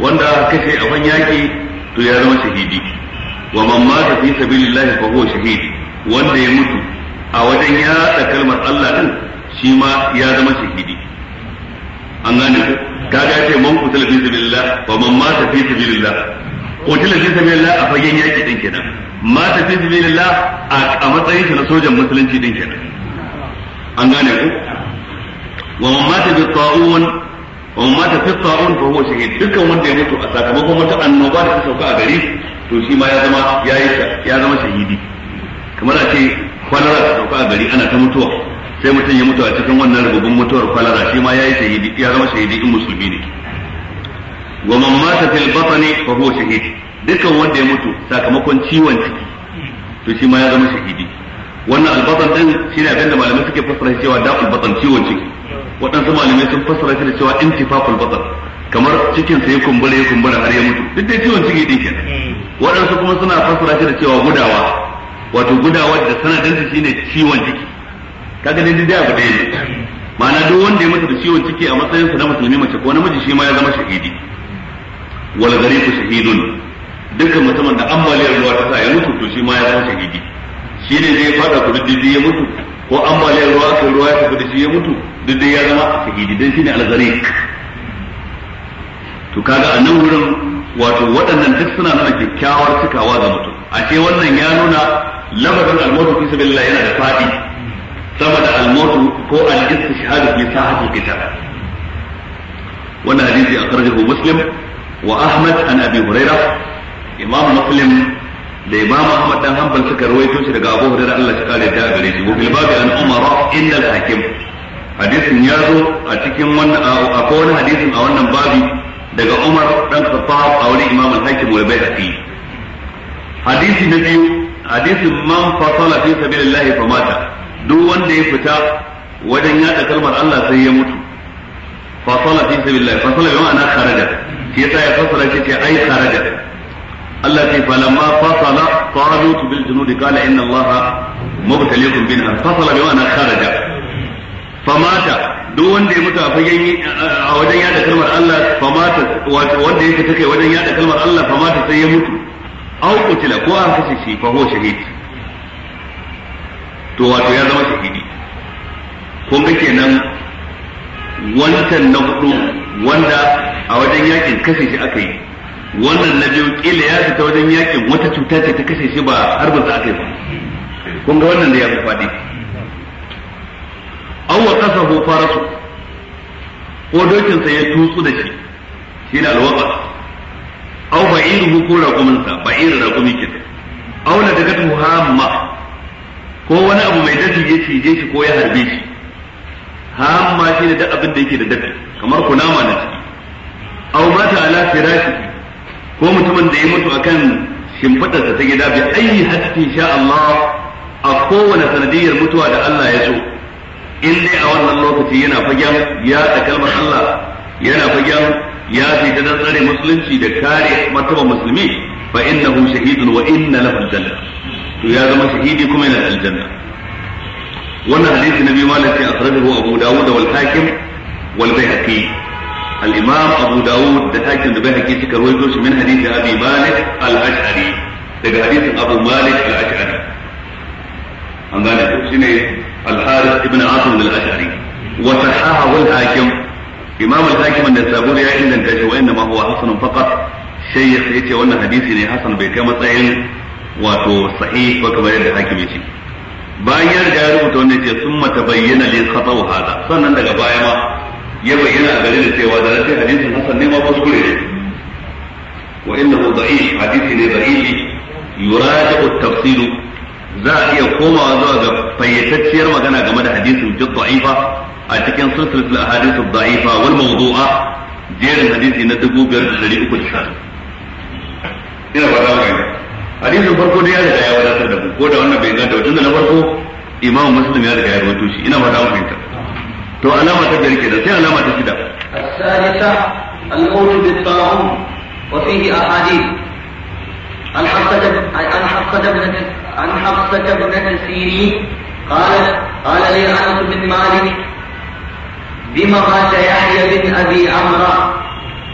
wanda kace a ban yaki to ya zama shahidi wa man mata fi sabilillah fa huwa shahid wanda ya mutu a wajen ya kalmar Allah din shi ma ya zama shahidi an gane ku kaga ya ce man qutila fi sabilillah wa man mata fi sabilillah qutila fi sabilillah a fagen yaki din kenan mata fi sabilillah a matsayin shi na sojan musulunci din kenan an gane ku wa man mata bi ta'un wa man mata fi ta'un fa huwa shahid dukkan wanda ya mutu a sakamakon wata annoba da ta sauka a gari to shi ma ya zama ya zama shahidi kamar a ce kwalara ta sauka a gari ana ta mutuwa sai mutum ya mutu a cikin wannan rububin mutuwar kwalara shi ma yayi shahidi ya zama shahidi in musulmi ne wa man mata fil batni fa huwa shahid dukkan wanda ya mutu sakamakon ciwon ciki to shi ma ya zama shahidi wannan albatan din ne abinda malamai suke fassara cewa da'ul batan ciwon ciki waɗansu malamai sun fassara shi da cewa intifaful batan kamar cikin sa ya kumbura ya kumbura har ya mutu duk dai ciwon ciki din kenan waɗansu kuma suna fassara shi da cewa gudawa wato gudawa da sanadin shi ne ciwon ciki kaga dai dai abu ɗaya ne ma'ana duk wanda ya mutu da ciwon ciki a matsayin sa na musulmi mace ko namiji shi ma ya zama shahidi wal ghariqu shahidun dukkan mutumin da ambaliyar ruwa ta sa ya mutu to shi ma ya zama shahidi shi ne zai fada dai ya mutu ko ambaliyar ruwa aka ruwa ya tafi da shi ya mutu duk dai ya zama shahidi dan ne al ghariq to kaga a nan wurin wato waɗannan duk suna nuna kyakkyawar cikawa ga mutum a ce wannan ya nuna lamarin al-mautu fi sabilillah yana da fadi sama da al-mautu ko al-istishhadu fi sahati kitab wannan hadisi akhrajahu muslim wa ahmad an abi hurairah imam muslim da imam ahmad dan hanbal suka rawaito shi daga abu hurairah Allah ya kare ta gare shi wa fil babi an umara innal a wani a wannan daga Umar dan Khattab a wani Imam al-Hakim wal Baihaqi hadisi na biyu hadisin man fasala fi sabilillah fa mata duk wanda ya fita wajen yada kalmar Allah sai ya mutu fasala fi sabilillah fasala bi ma'ana kharaja shi yasa ya fasala shi ce ai kharaja Allah ce lamma fasala talut bil junud qala inna Allah mubtaliikum bin fasala bi ma'ana kharaja famata duk wanda ya mutu a fagen a wajen yada kalmar Allah famata wanda ya fita kai wajen yada kalmar Allah famata sai ya mutu au kutila ko a kashe shi fa huwa shahid to wato ya zama shahidi ko ga kenan wancan na hudu wanda a wajen yakin kashe shi aka yi wannan na biyu kila ya fita wajen yakin wata cuta ce ta kashe shi ba har ba za a yi ba kun ga wannan da ya fi faɗi an wa kasa ko farasu ko sa ya tutsu da shi shi da alwaba au ba'iruhu ko raƙuminsa ba'irin raƙumi ke au na daga hamma ko wani abu mai dafi ya cije shi ko ya harbe shi hamma shi da abin da yake da dafi kamar kunama na ciki aw mata ala firashi ko mutumin da ya mutu akan shimfidarsa ta gida bi ayi haske sha Allah a kowane sanadiyar mutuwa da Allah ya so in dai a wannan lokaci yana fagen ya da kalmar Allah yana fagen ya fi dan tsare musulunci da kare martaba musulmi fa innahu shahidun wa inna lahu to ya zama shahidi kuma yana aljanna wannan hadisi na biyu malam sai akhrajahu Abu Dawud wal Hakim wal Baihaqi al-Imam Abu Dawud da Hakim da Baihaqi suka rawaito shi min hadisi Abi Malik al-Ash'ari daga hadisin Abu Malik al-Ash'ari an gane ko shine al-Harith ibn Asim al-Ash'ari wa sahahahu al-Hakim Imam al-Hakim da Saburi ya inganta shi wa inna ma huwa hasanun faqat shaykh yace wannan hadisi ne hasan bai kai matsayin wato sahih ko kamar yadda hakimi ce bayan 'yar da ya rubuta wannan ce sun mata bayyana li khata'u hada sannan daga baya ma ya bayyana a gare da cewa da rashin hadisin hasan ne ma kuskure ne wa innahu da'if hadisi ne da'ifi yuraja'u at-tafsil za a iya komawa zuwa ga fayyatacciyar magana game da hadisin fi da'ifa a cikin silsilatul ahadith ad-da'ifa wal mawdu'a jerin hadisi na 2390 ina ba fata mu hadisin farko dai ya riga ya wadatar da ku ko da wannan bai ganta tunda na farko imam muslim ya riga ya rawaito shi ina fata mun fahimta to alama ta biyar kenan sai alama ta shida الثالثة الموت بالطاعون وفيه أحاديث عن حفصة عن حفصة an عن حفصة بن سيرين قال قال لي أنس بن مالك بما مات يحيى بن أبي عمرو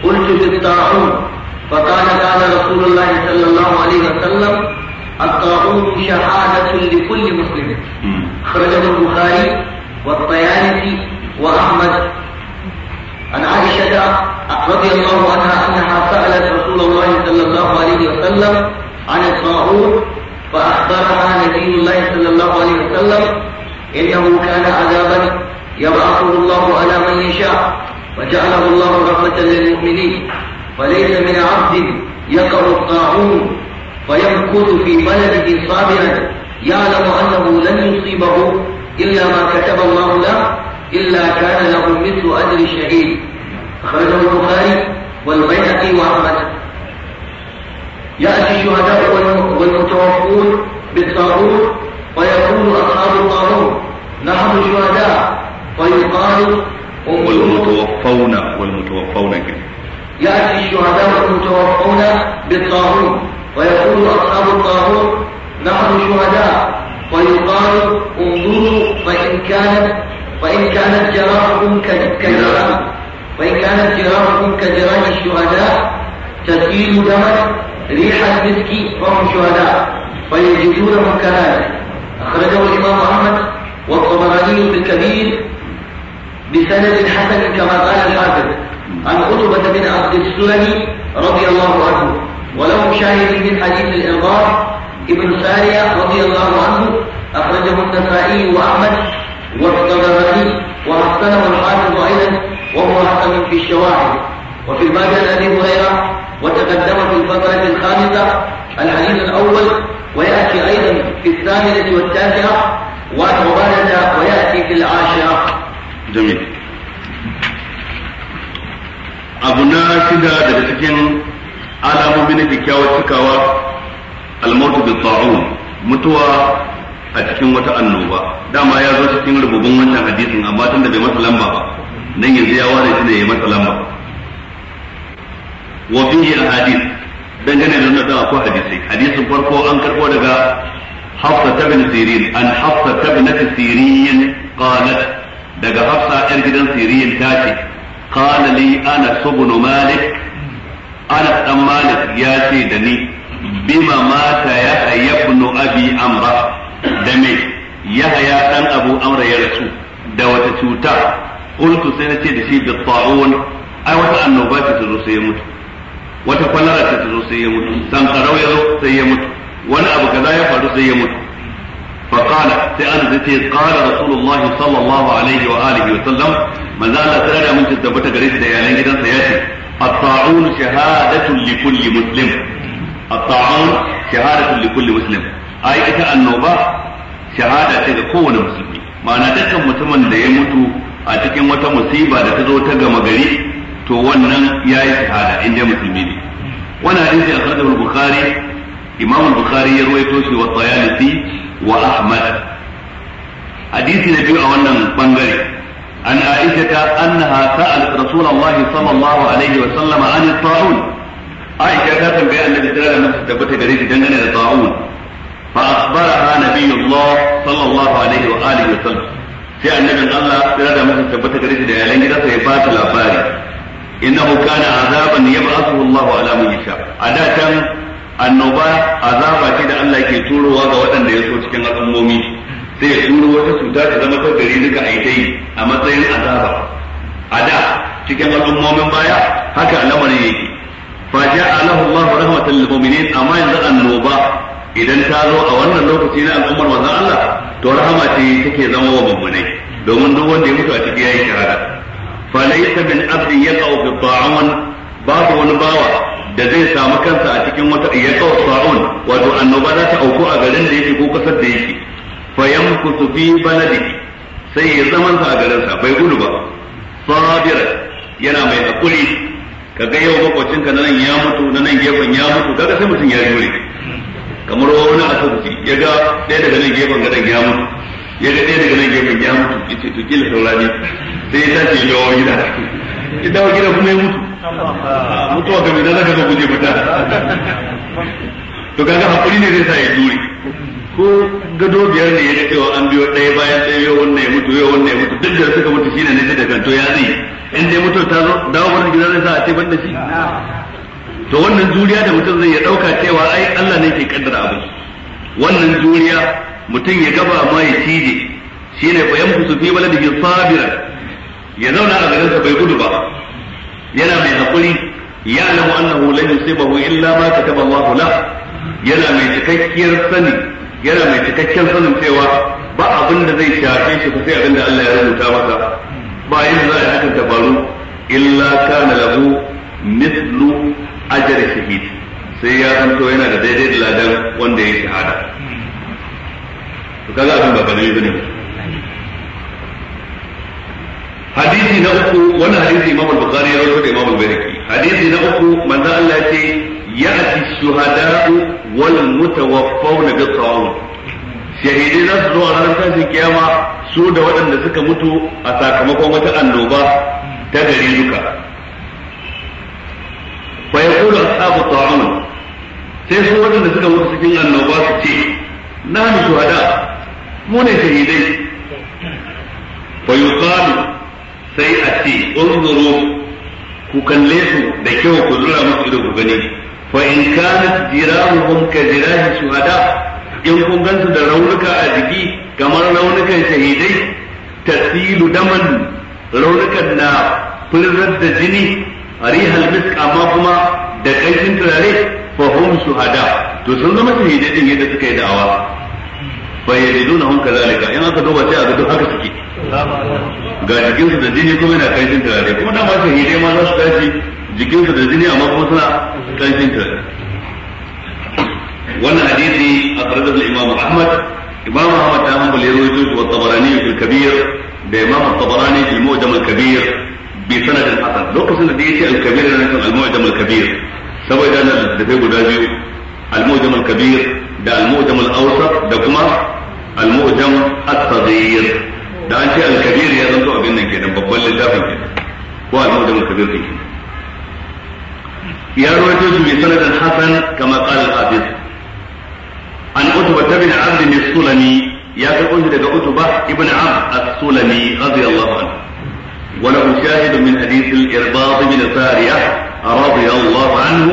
قلت بالطاعون فقال قال رسول الله صلى الله عليه وسلم الطاعون شهادة لكل مسلم خرجه البخاري والطيالسي وأحمد عن عائشة رضي الله عنها أنها سألت رسول الله صلى الله عليه وسلم عن الطاعون فأخبرها نبي الله صلى الله عليه وسلم إنه كان عذابا يبعثه الله على من يشاء وجعله الله رحمة للمؤمنين فليس من عبد يقع الطاعون فيمكث في بلده صابرا يعلم أنه لن يصيبه إلا ما كتب الله له إلا كان له مثل أجر الشهيد أخرجه البخاري والبيهقي وأحمد يأتي الشهداء والمتوفون بالطاعون ويقول أصحاب الطاعون نحن الشهداء فيقال هم المتوفون والمتوفون كذلك يأتي الشهداء المتوفون بالطاغوت ويقول أصحاب الطاغوت نحن شهداء ويقال انظروا فإن كانت وإن كانت جراحكم كجراح وإن كانت جراحكم كجراح الشهداء تسيل دما ريح المسك فهم شهداء ويجدونهم كذلك أخرجه الإمام أحمد والطبراني في الكبير بسند حسن كما قال الحافظ عن عتبة بن عبد السلمي رضي الله عنه وله شاهد من حديث الإنظار ابن سارية رضي الله عنه أخرجه النسائي وأحمد والطبراني وحسنه الحافظ أيضا وهو أحسن في الشواهد وفي الباب عن أبي هريرة وتقدم في الفترة الخامسة الحديث الأول ويأتي أيضا في الثامنة والتاسعة وأن ويأتي في العاشرة جميل abu na shida daga cikin alamomi na kyakkyawar cikawa almautu bi ta'un mutuwa a cikin wata annoba dama ya zo cikin rububin wannan hadisin amma tun da bai masa lamba ba nan yanzu ya ware shi ne ya masa lamba wa fihi alhadith dangane da wannan akwai hadisi hadisin farko an karbo daga Hafsa ta bin Sirin an Hafsa ta bin Sirin qalat daga Hafsa yar gidan Sirin ta ce qala li ana ibn malik ana dan malik ya ce da ni bima mata ya ibn abi amra da me yahya dan abu amra ya rasu da wata cuta qultu sai na ce da shi bi ta'un ai wata annoba ta zo sai ya mutu wata kwalara ta zo sai ya mutu sankarau ya zo sai ya mutu wani abu kaza ya faru sai ya mutu فقال سأل زيتي قال رسول الله صلى الله عليه وآله وسلم من ذا الله تعالى من تثبت قريس ديالين جدا سياتي الطاعون شهادة لكل مسلم الطاعون شهادة لكل مسلم أي إذا النوبة شهادة لكل مسلم ma'ana dukkan mutumin da ya mutu a cikin wata musiba da ta zo ta gama gari to wannan ya yi shahada in musulmi ne wannan hadisi a sarrafa bukhari bukhari ya ruwaito shi wa wa Ahmad hadisi na biyu a wannan bangare an Aisha ta annaha sa'alat Rasulullahi sallallahu alaihi wa sallam an ta'un Aisha ta tambaye Annabi sallallahu alaihi wasallam tabbata gare shi dangane da ta'un fa akhbaraha Nabiyullah sallallahu alaihi wa alihi wa sallam sai annabin Allah ya da masa tabbata gare shi da yalan gidansa ya ba ta labari innahu kana azaban yab'athu Allahu ala man yasha a da can annoba azaba ce da Allah ke turowa ga waɗanda ya so cikin al'ummomi sai ya turo wata cuta ta zama ta gari duka a yi a matsayin azaba a da cikin al'ummomin baya haka lamarin yake fa ja'a lahu Allahu rahmatan lil mu'minin amma yanzu annoba idan ta zo a wannan lokaci na al'ummar manzon Allah to rahama ce take zama wa mummunai domin duk wanda ya mutu a ciki yayin shahada fa laysa min abdin yaqau bi ta'awan babu wani bawa da zai samu kansa a cikin wata yaqaw sa'un wato annoba za ta auku a garin da yake ko kasar da yake fa su fi baladihi sai ya zaman sa a garin sa bai gudu ba sabira yana mai hakuri kaga yau makwacin ka nan ya mutu na nan gefen ya mutu kaga sai mutum ya jure kamar wani asibiti ya ga ɗaya daga nan gefen gadan ya mutu ya ga ɗaya daga nan gefen ya mutu yace to kila saurari sai ya tashi ya dawo gida ya dawo gida kuma ya mutu ah, mutuwa ga mina zaka ga guje mata to kaga hakuri ne zai sa ya jure ko gado biyar ne ya ga cewa an biyo ɗaya bayan ɗaya yau wannan ya mutu yau wannan ya mutu duk da suka mutu shine ne da kanto ya zai in dai mutu ta zo dawo wannan gida zai sa a ce ban da shi to wannan juriya da mutum zai ya dauka cewa ai Allah ne ke kaddara abu wannan juriya mutum ya gaba ma ya cije shine fa yanfusu fi baladihi sabiran ya zauna a garinsa bai gudu ba yana mai hakuri lamu annahu lan yusibahu illa ma kataba Allahu la yana mai cikakkiyar sani yana mai cikakken sanin cewa ba abin da zai shafe shi ko sai abin da Allah ya rubuta masa ba yin za a hakan tabaru illa kana lahu mislu ajr shahid sai ya zanto yana da daidai da ladan wanda ya shahada to kaga abin ba bane ba hadisi na uku wannan hadisi imam al-bukhari ya rawaito da imam al-bayhaqi hadisi na uku manzo Allah ya ce ya'ti shuhada'u wal mutawaffawna bi sawm shahidai za su zo a ranar tashi kiyama su da waɗanda suka mutu a sakamakon wata annoba ta gari duka fa yaqulu ashabu ta'am sai su waɗanda suka mutu cikin annoba su ce nahnu shuhada mu ne shahidai fa yuqalu sai a ce unzuru ku kalle su da kyau ku zura musu ido ku gani fa in kanat jirahuhum ka jirahi shuhada in kun gansu da raunuka a jiki kamar raunukan shahidai tasilu daman raunukan na furzar da jini rihal misk amma kuma da ƙarfin turare fa hum shuhada to sun zama shahidai din yadda suka yi da'awa fa yajidunahum kadhalika in aka duba sai a ga duk haka suke ga jikinsu da jini kuma yana kanshin turare kuma dama shahidai ma za su tashi jikinsu da jini amma kuma suna kanshin turare wannan hadisi a karɗar da imamu ahmad imamu ahmad ta hanbal ya rawaito shi wa tabarani fil kabir da Imam tabarani fil mu'jam al kabir bi sanadin hasan lokacin da yace al kabir yana kan al mu'jam al kabir saboda nan da sai guda biyu al mu'jam al kabir da al mu'jam al awsat da kuma al mu'jam al saghir da an ce alkabir ya zanto abin nan kenan babban littafin ke ko al-mujam al-kabir ya rawaito su bi sanadin hasan kama qala al-hafiz an utba bin abd as-sulami ya karbo shi daga utba ibn abd as-sulami radiyallahu anhu wa وله شاهد min حديث الإرباض بن سارية رضي الله عنه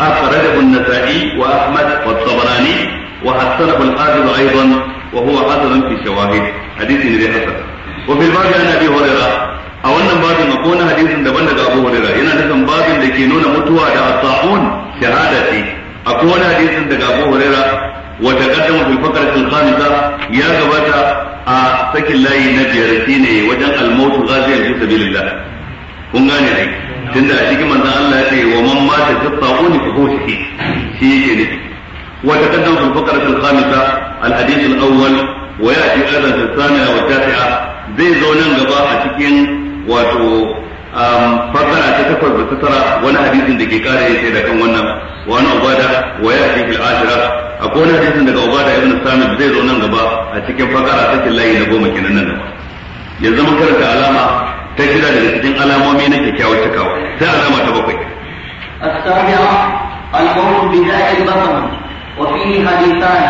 أخرجه النسائي وأحمد والطبراني وحسنه الحافظ أيضا وهو حسن في شواهد hadisi ne dai hasan wa fil babi an abi a wannan babin akwai wani hadisin daban daga abu hurairah yana nufin babin da ke nuna mutuwa da asa'un shahada ce akwai wani hadisin daga abu hurairah wa taqaddama fil faqratil khamisa ya gabata a sakin layi na biyar shine wajen al-mautu kun gane tunda a cikin manzon Allah ya ce wa man ta fi ko fa ko shi Shi ne wa taqaddama fil faqratil khamisa al-hadith al-awwal wa ya'ti azan tsaniya wa tasi'a zai zo nan gaba a cikin wato um, fassara ta takwas da ta tara wani hadisin da ke kare ya ce da kan wannan wani ubada wa ya'ti fil ashira akwai wani hadisin daga ubada ibn samit zai zo nan gaba a cikin fassara ta layi na goma kenan nan Ya zama karanta alama ta shida daga cikin alamomi na kyakkyawar cikawa sai alama ta bakwai السابعة القول بذات البصر وفيه حديثان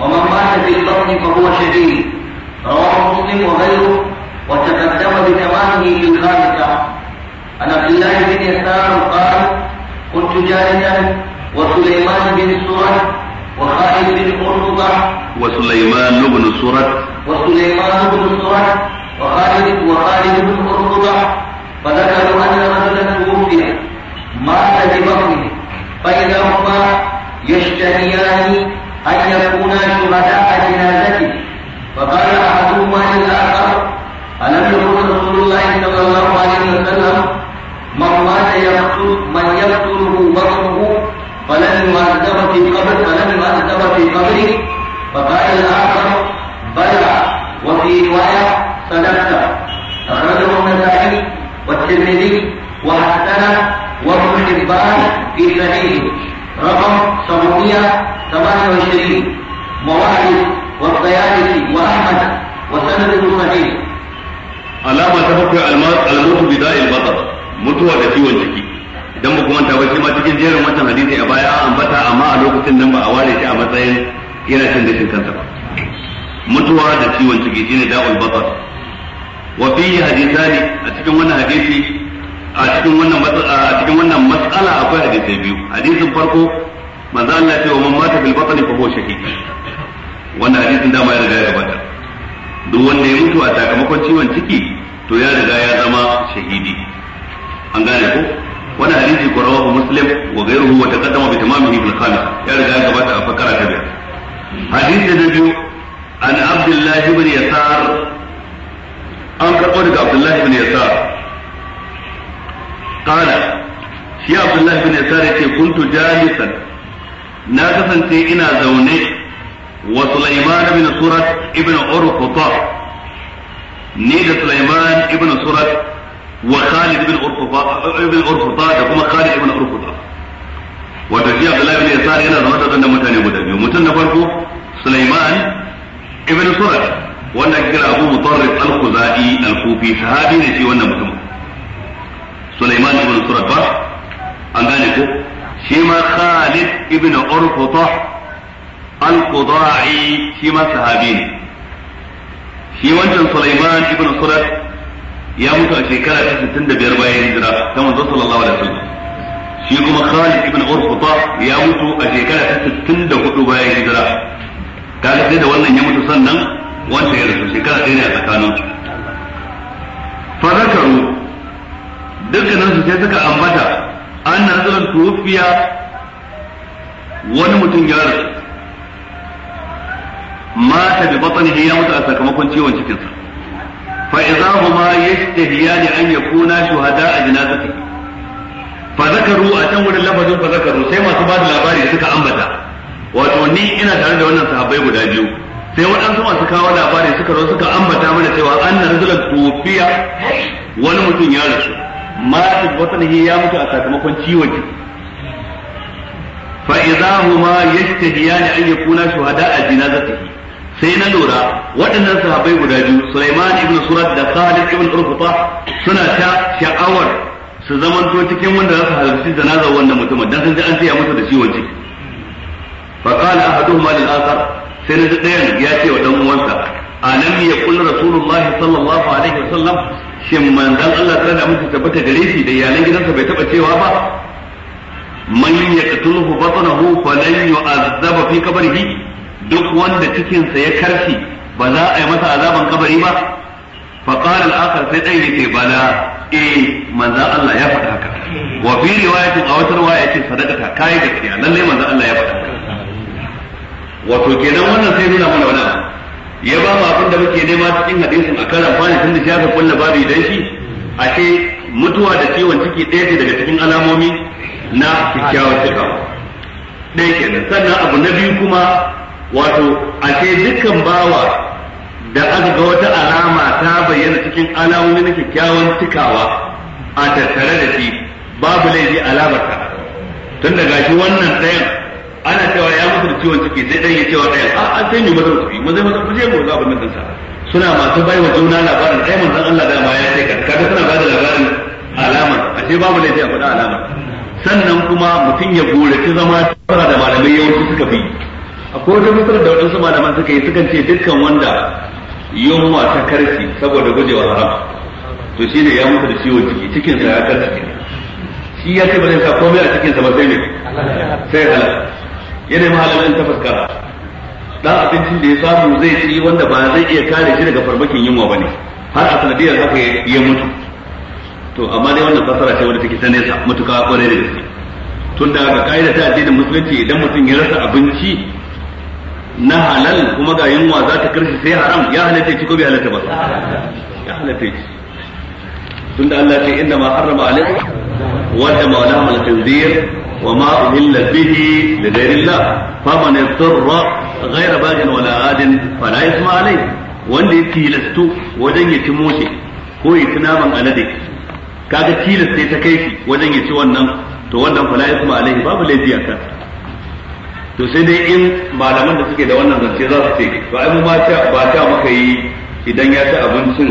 ومن مات في البطن فهو شهيد رواه مسلم وغيره وتقدم بتمامه في ذلك عن عبد الله بن يسار قال كنت جالسا وسليمان بن سورة وخالد بن قرطبة وسليمان بن سورة وسليمان بن سورة وخالد وخالد بن قرطبة فذكروا أن رجلا توفي مات ببطنه فإذا هما يشتهيان أن يكونا شهداء جنازتي فقال أحدهما للآخر ألم يقل رسول الله صلى الله عليه وسلم من مات يقتل من يقتله بطنه فلن يعذب في قبر فلن يعذب في قبره فقال الآخر بلى وفي رواية صدقت أخرجه النسائي والترمذي وحسنه وابن حبان في صحيحه رقم سعودية ثمانية وعشرين مواعيد والطيالسي وأحمد وسند صحيح alama ta bakwai almutu bidai albatar mutuwa da ciwon ciki idan ba kuma tabbata shi ma cikin jerin wannan hadisi a baya an bata amma a lokacin nan ba a ware shi a matsayin yana cin gashin kansa ba mutuwa da ciwon ciki shine da'ul batar wa fi hadithani a cikin wannan hadisi a cikin wannan a cikin wannan mas'ala akwai hadisi biyu hadisin farko manzo Allah ya ce wa man mata bil batni fa huwa shahid wannan hadisin dama ya riga ya gabata duk wanda ya mutu a sakamakon ciwon ciki to ya riga ya zama shahidi an gane ko wani hadisi ko rawahu muslim wa ghayruhu wa taqaddama bi tamamihi bil khamis ya riga ya gabata a fakara ta biyar hadisi na biyu an abdullah ibn yasar an karbo daga abdullah ibn yasar qala shi abdullah ibn yasar yace kuntu jalisan na kasance ina zaune wa Sulaiman ibn Surat ibn Urquta ni da Sulaiman ibn Surat wa Khalid ibn Urquta ibn Urquta da kuma Khalid ibn Urquta wato shi Abdullahi ibn Yasar yana zama da wannan mutane guda biyu mutum na farko Sulaiman ibn Surat wanda kira Abu Mutarrif al-Khuzai al-Kufi sahabi ne shi wannan mutum Sulaiman ibn Surat ba an gane ko shi ma Khalid ibn Urfutah al-Quda'i shi ma sahabi ne shi wancan Sulaiman ibn Surat ya mutu a shekara ta 65 bayan hijira ta manzo sallallahu alaihi wasallam shi kuma Khalid ibn Urfutah ya mutu a shekara ta 64 bayan hijira kaga sai da wannan ya mutu sannan wancan ya rasu shekara ɗaya ne a tsakaninsu fa zakaru su sai suka ambata anna rajulan tuwfiya wani mutum ya rasu mata bi batnihi ya mutu a sakamakon ciwon cikinsa fa idza huma yastahiyani an yakuna shuhada a janazati fa zakaru a can wurin lafazin fa zakaru sai masu ba da labari suka ambata wato ni ina tare da wannan sahabbai guda biyu sai waɗansu masu kawo labari suka zo suka ambata mana cewa anna rajulan tuwfiya wani mutum ya rasu matat batnihi ya mutu a sakamakon ciwon ciki fa idahuma yashtahiyan an yakuna shuhada a jinazatihi sai na lura waɗannan sahabbai guda biyu Sulaiman ibn Surat da Khalid ibn urfa suna ta sha'awar su zamanto cikin wanda za su halarci janazar wannan mutumin dan sun ji an tsaya musu da ciwon ciki fa qala ahaduhuma lil akhar sai na ɗayan ya ce wa dan uwansa alam yaqul rasulullah sallallahu alaihi wasallam shin manzon Allah sallallahu alaihi wasallam tabbata gare shi da iyalan gidansa bai taba cewa ba man yaqtuluhu batnahu falan yu'azzaba fi qabrihi duk wanda cikin sa ya karfi ba za a yi masa azaban kabari ba fa qala al-akhar sai dai yace bala eh manzon Allah ya faɗa haka wa fi riwayatin a wata riwaya yace sadaqata kai gaskiya lalle manzon Allah ya faɗa haka wato kenan wannan sai nuna mana wani ya ba mu abin da muke nema cikin hadisin a kan amfani tun da shafa kulla babu dan shi ashe mutuwa da ciwon ciki ɗaya ce daga cikin alamomi na kyakkyawar cikawa ɗaya kenan sannan abu na biyu kuma wato ce dukkan bawa da aka ga wata alama ta bayyana cikin alamomi na kyakkyawan cikawa a tattare da shi babu laifi alamar ta tun daga shi wannan ɗayan ana cewa ya mutu da ciwon ciki sai dan ya cewa ɗayan a ah, an sai mu masa ciki mu zai masa kuje mu za abin nan sa suna masu bai wa juna labarin ɗaya manzon Allah da ma ya ce ka kada suna bada labarin alama a ce babu laifi a faɗa alama sannan kuma mutum ya burace zama tsara da malamai yawanci suka fi akwai wata mutar da waɗansu malaman suka yi sukan ce dukkan wanda yunwa ta karfi saboda gujewa haram to shi ne ya mutu da ciwon ciki cikinsa ya karfi shi ya ce ba zai sa komai a cikinsa ba sai ne sai halal ya nemi halalan ta fuskara dan abincin da ya samu zai ci wanda ba zai iya kare shi daga farmakin yunwa ba ne. har a sanadiyar haka ya mutu to amma dai wannan fasara ce wadda take ta nesa mutuka kware da gaske tun da ga kaida ta addinin musulunci idan mutum ya rasa abinci na halal kuma ga yunwa za ta karshe sai haram ya halatta ci ko bai halatta ba ya halatta ci da Allah ya ce inna ma harrama alaikum wa ma lahum al-khinzir وما أهل به لغير الله فمن اضطر غير باغ ولا عاد فلا إثم عليه wanda ya tilastu wajen ya ci moshe ko ya ci naman alade kaga tilas ta kai shi wajen ya ci wannan to wannan fala isma alaihi babu laifi a kansa to sai dai in malaman da suke da wannan zance za su ce Ba ai mu ba ta maka yi idan ya ci abincin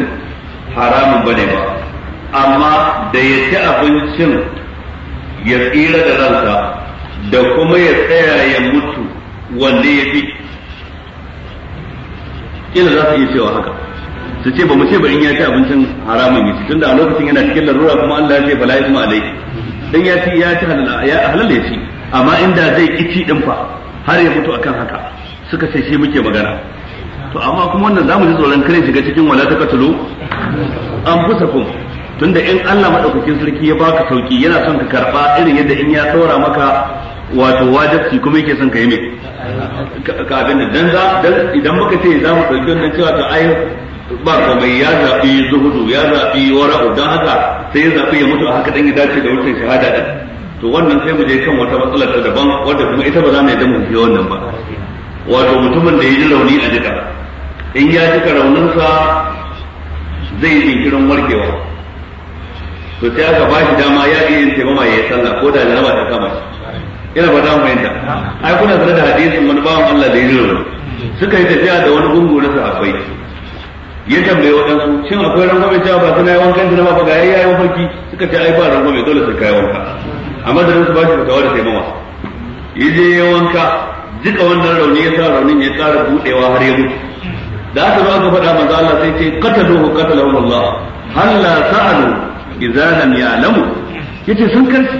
haramun bane ba amma da ya ci abincin ya tsira da ransa da kuma ya tsaya ya mutu wanda ya fi Ina za su iya cewa haka su ce ba mu ce ba in ya ci abincin haramun yi tun da a lokacin yana cikin larura kuma Allah ya ce bala kuma alai dan ya ci ya ci halal ya ci amma inda zai kici din fa har ya mutu akan haka suka ce shi muke magana to amma kuma wannan zamu ji tsoron kare shiga cikin wala takatulu an fusa kuma tunda in Allah madaukakin sarki ya baka sauki yana son ka karba irin yadda in ya tsora maka wato wajibi kuma yake son ka yi mai ka abin da dan idan muka ce za mu dauki wannan cewa to ai ba komai ya zabi zuhudu ya zabi wara'u dan haka sai ya zabi ya mutu a haka dan ya dace da wutar shahada din to wannan sai mu je kan wata matsala ta daban wanda kuma ita ba za mu yi mu fi wannan ba wato mutumin da ya ji rauni a jika in ya jika rauninsa zai kiran warkewa to sai aka ba shi dama ya iya yin taimama ya yi sallah ko da jaraba ta kama shi ina ba mu yanta ai kuna sanar da hadisin wani bawan Allah da yiro suka yi tafiya da wani gungu na sahabbai ya tambaye waɗansu shin akwai rangwame cewa ba suna yi wankan na ba ga yayi yayi mafarki suka ce ai ba rangwame dole su kai wanka amma da su ba shi fatawa da taimama yaje ya wanka jika wannan rauni ya sa raunin ya ƙara budewa har ya mutu da aka zo aka faɗa manzo Allah sai ce qataluhu qatalahu Allah halla sa'alu idza lam ya'lamu yace sun karshi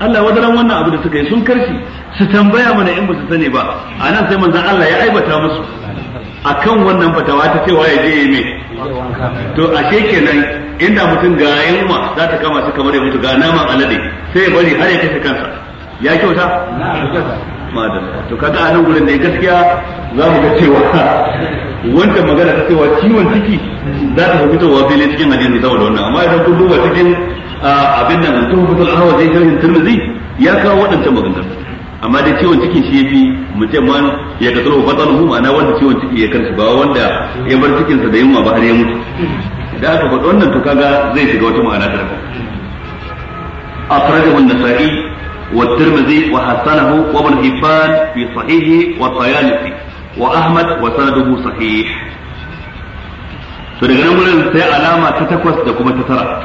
Allah wadaran wannan abu da suka yi sun karshi su tambaya mana in ba su sani ba anan sai manzon Allah ya aibata musu akan wannan fatawa ta cewa ya je yi to ashe kenan inda mutum ga yunwa za ta kama su kamar ya mutu ga naman alade sai ya bari har ya kashe kansa ya kyauta madalla to kaga a nan gurin da gaskiya za mu ga cewa wanda magana ta cewa ciwon ciki za ta fi fitowa fili cikin hadisi saboda wannan amma idan kun duba cikin abin nan tun a hawa zai sharhin tirmidhi ya kawo waɗancan maganar amma dai ciwon cikin shi yafi mutum man ya ka tsoro fatan hu ma'ana wanda ciwon ciki ya kansu ba wanda ya bar cikinsa da yunwa ba har ya mutu da aka faɗi wannan to kaga zai shiga wata ma'ana ta a akhrajahu an-nasa'i wa وحسنه hibban fi sahihi wa والطيالسي وأحمد وسنده صحيح to من nan wurin sai alama ta takwas تترى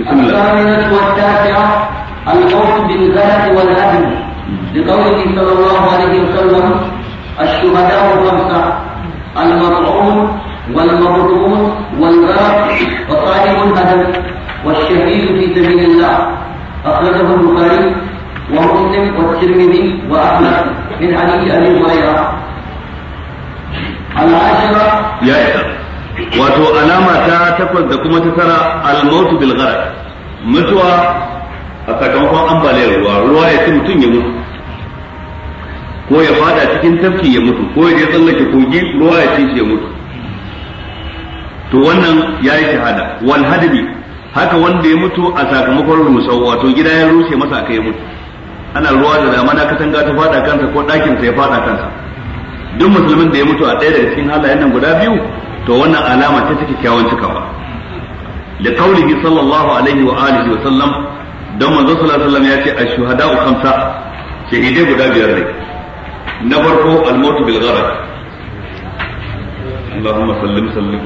بسم الله الثامنة والتاسعة الخوف بالغلط والهدم لقوله صلى الله عليه وسلم الشهداء خمسة المطعون والمظلوم والغرق وصاحب الهدم والشهيد في سبيل الله أخرجه البخاري ومسلم والترمذي وأحمد من علي أبي هريرة ya isa wato alama ta takwas da kuma ta tara al-mautu bil mutuwa a sakamakon ambaliyar ruwa ruwa ya ci mutum ya mutu ko ya fada cikin tafki ya mutu ko ya tsallake kogi ruwa ya ci ya mutu to wannan ya yi shahada wal hadabi haka wanda ya mutu a sakamakon rusau wato gida ya rushe masa aka ya mutu ana ruwa da damana katanga ta fada kansa ko ɗakinsa ya fada kansa duk musulmin da ya mutu a ɗaya daga cikin halayen nan guda biyu to wannan alama ta take kyawun cikawa da kaulihi sallallahu alaihi wa alihi wa sallam don manzo sallallahu alaihi wa sallam ya ce ashuhada'u khamsa shahidai guda biyar ne na farko al bil gharq Allahumma sallim sallim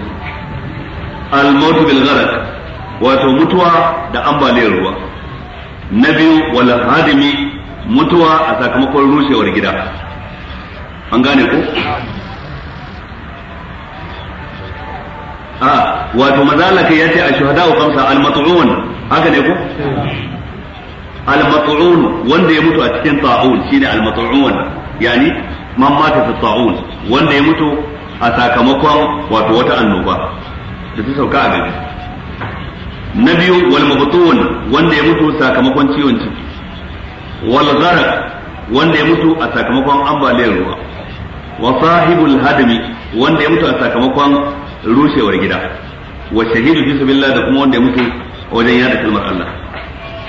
al bil gharq wato mutuwa da ambaliyar ruwa na biyu wal hadimi mutuwa a sakamakon rushewar gida an gane ko a ah, wato mazalaka ya ce a shuhada wa kamsa al matuun haka ne ko al matuun wanda ya mutu a cikin ta'un shine al matuun yani man mata fi ta'un wanda ya mutu a sakamakon wato wata annoba da ta sauka a gari na biyu wal mabtun wanda ya mutu sakamakon ciwon ciki wal gharq wanda ya mutu a sakamakon ambaliyar ruwa wa sahibul hadmi wanda ya mutu a sakamakon rushewar gida wa shahidu fi sabilillah da kuma wanda ya mutu wajen yada kalmar Allah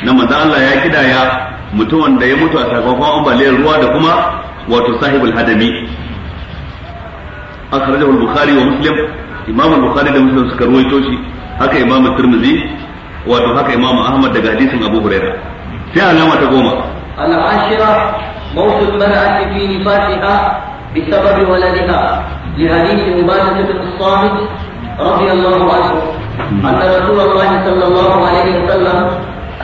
na manzo Allah ya kidaya mutum wanda ya mutu a sakamakon ambaliyar ruwa da kuma wato sahibul hadmi akhrajahu al-bukhari wa muslim imam al-bukhari da muslim suka ruwaito shi haka imam tirmidhi wato haka imam ahmad daga hadisin abu hurairah sai alama ta goma al-ashira mawtu al-mar'ati fi nifasiha بسبب ولدها لحديث عبادة بن الصامت رضي الله عنه أن رسول الله صلى الله عليه وسلم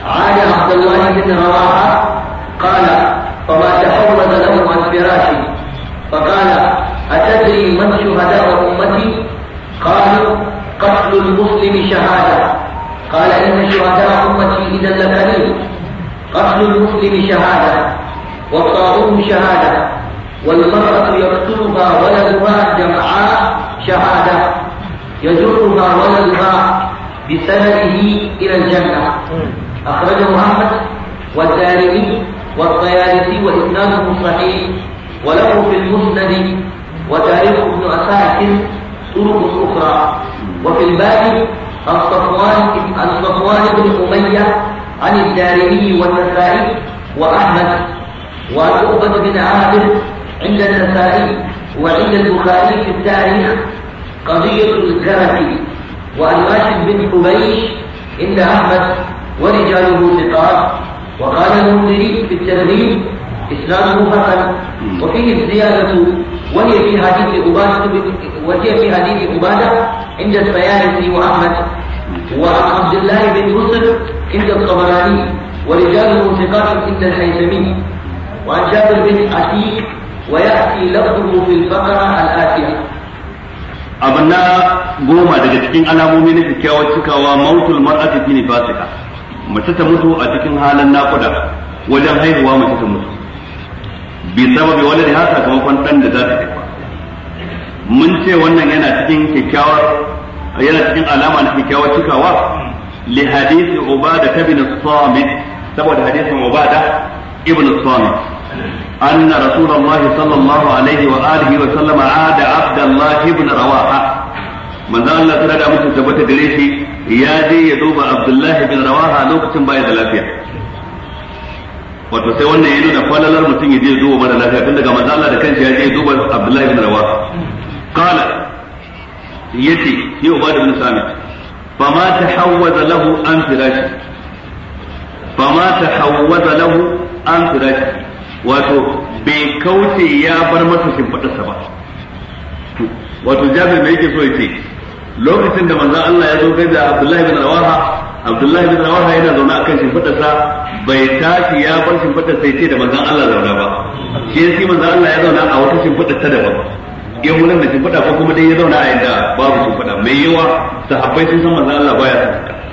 عاد عبد الله بن رواحة قال فما تحوز له عن فراشي فقال أتدري من شهداء أمتي قالوا قتل المسلم شهادة قال إن شهداء أمتي إذا لكريم قتل المسلم شهادة وصاؤه شهادة والمرأة يقتلها ولدها جمعاء شهادة يجرها ولدها بسببه إلى الجنة أخرجه أحمد والدارمي والطيالسي وإسناده صحيح وله في المسند وتاريخ ابن أساكر طرق أخرى وفي الباب الصفوان الصفوان بن أمية عن الدارمي والنسائي وأحمد وعن بن عامر عند النسائي وعند البخاري في التاريخ قضية الكرك وعن راشد بن حبيش عند أحمد ورجاله ثقات وقال المنذري في الترغيب إسلامه حسن وفيه الزيادة وهي في حديث عبادة وهي في حديث عبادة عند البيانسي وأحمد وعن عبد الله بن يوسف عند الطبراني ورجاله ثقات عند الهيثمي وعن جابر بن عتيق ويأتي لفظه في البقرة الآتية abin na goma daga cikin alamomi na kyakkyawar cikawa mautul mar'ati fi nifasika mace ta mutu a cikin halin nakuda wajen haihuwa mace ta mutu bi sababi wani da sakamakon dan da za ta haifa mun ce wannan yana cikin kyakkyawar alama na kyakkyawar cikawa li hadisi ubada ibn samit saboda hadisin أن رسول الله صلى الله عليه وآله وسلم عاد عبد الله بن رواحة من ذا الله ترى أمس ثبت قريشي يا يدوب عبد الله بن رواحة لوكة بايد الأفيا wato sai wannan ya nuna falalar mutum ya je duba mara lafiya tun daga manzo Allah da kanshi ya duba Abdullahi bin Rawah qala yace shi Ubad bin Samit fama tahawwaza lahu an firashi fama tahawwaza lahu an wato bai kauce ya bar masa shimfiɗarsa ba wato jabir mai yake so ya ce lokacin da manzan Allah ya zo kai da Abdullahi bin Rawaha Abdullahi bin Rawaha yana zaune kan shimfiɗarsa bai tashi ya bar shimfiɗarsa ya ce da manzan Allah zauna ba shi yasi manzan Allah ya zauna a wata shimfiɗar da ba? ya wurin da shimfiɗa ko kuma dai ya zauna a yadda babu shimfiɗa mai yawa sahabbai sun san manzan Allah baya sa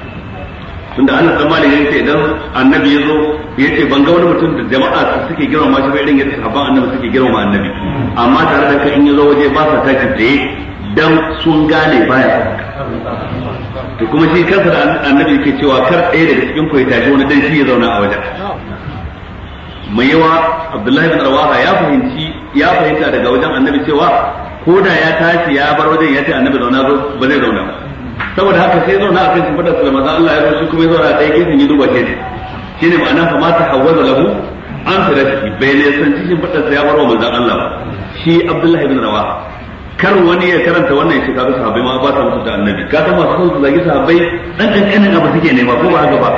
tunda Allah dan malik yake idan annabi ya zo yace ban ga wani mutum da jama'a su suke girmama shi bai dinga yadda sahabban annabi suke girma annabi amma tare da kai in ya zo waje ba sa da tsaye dan sun gane baya to kuma shi kansa da annabi yake cewa kar ɗaya daga cikin ku ya wani dan shi ya zauna a wajen mai yawa Abdullahi bin Rawaha ya fahimci ya fahimta daga wajen annabi cewa ko da ya tashi ya bar wajen ya ce annabi zauna ba zai zauna ba saboda haka sai na akan kan da manzon Allah ya zo shi kuma ya zo a dai gefen yi duba ke shine ma'ana fa mata hawaza lahu an shi bai ne san cikin fadar sa ya barwa manzon Allah ba shi Abdullahi bin Rawah kar wani ya karanta wannan shi ka kaga bai ma ba ta musu da annabi ka ta masu su zagi sahabbai dan kankanin abu suke nema ko ba haka ba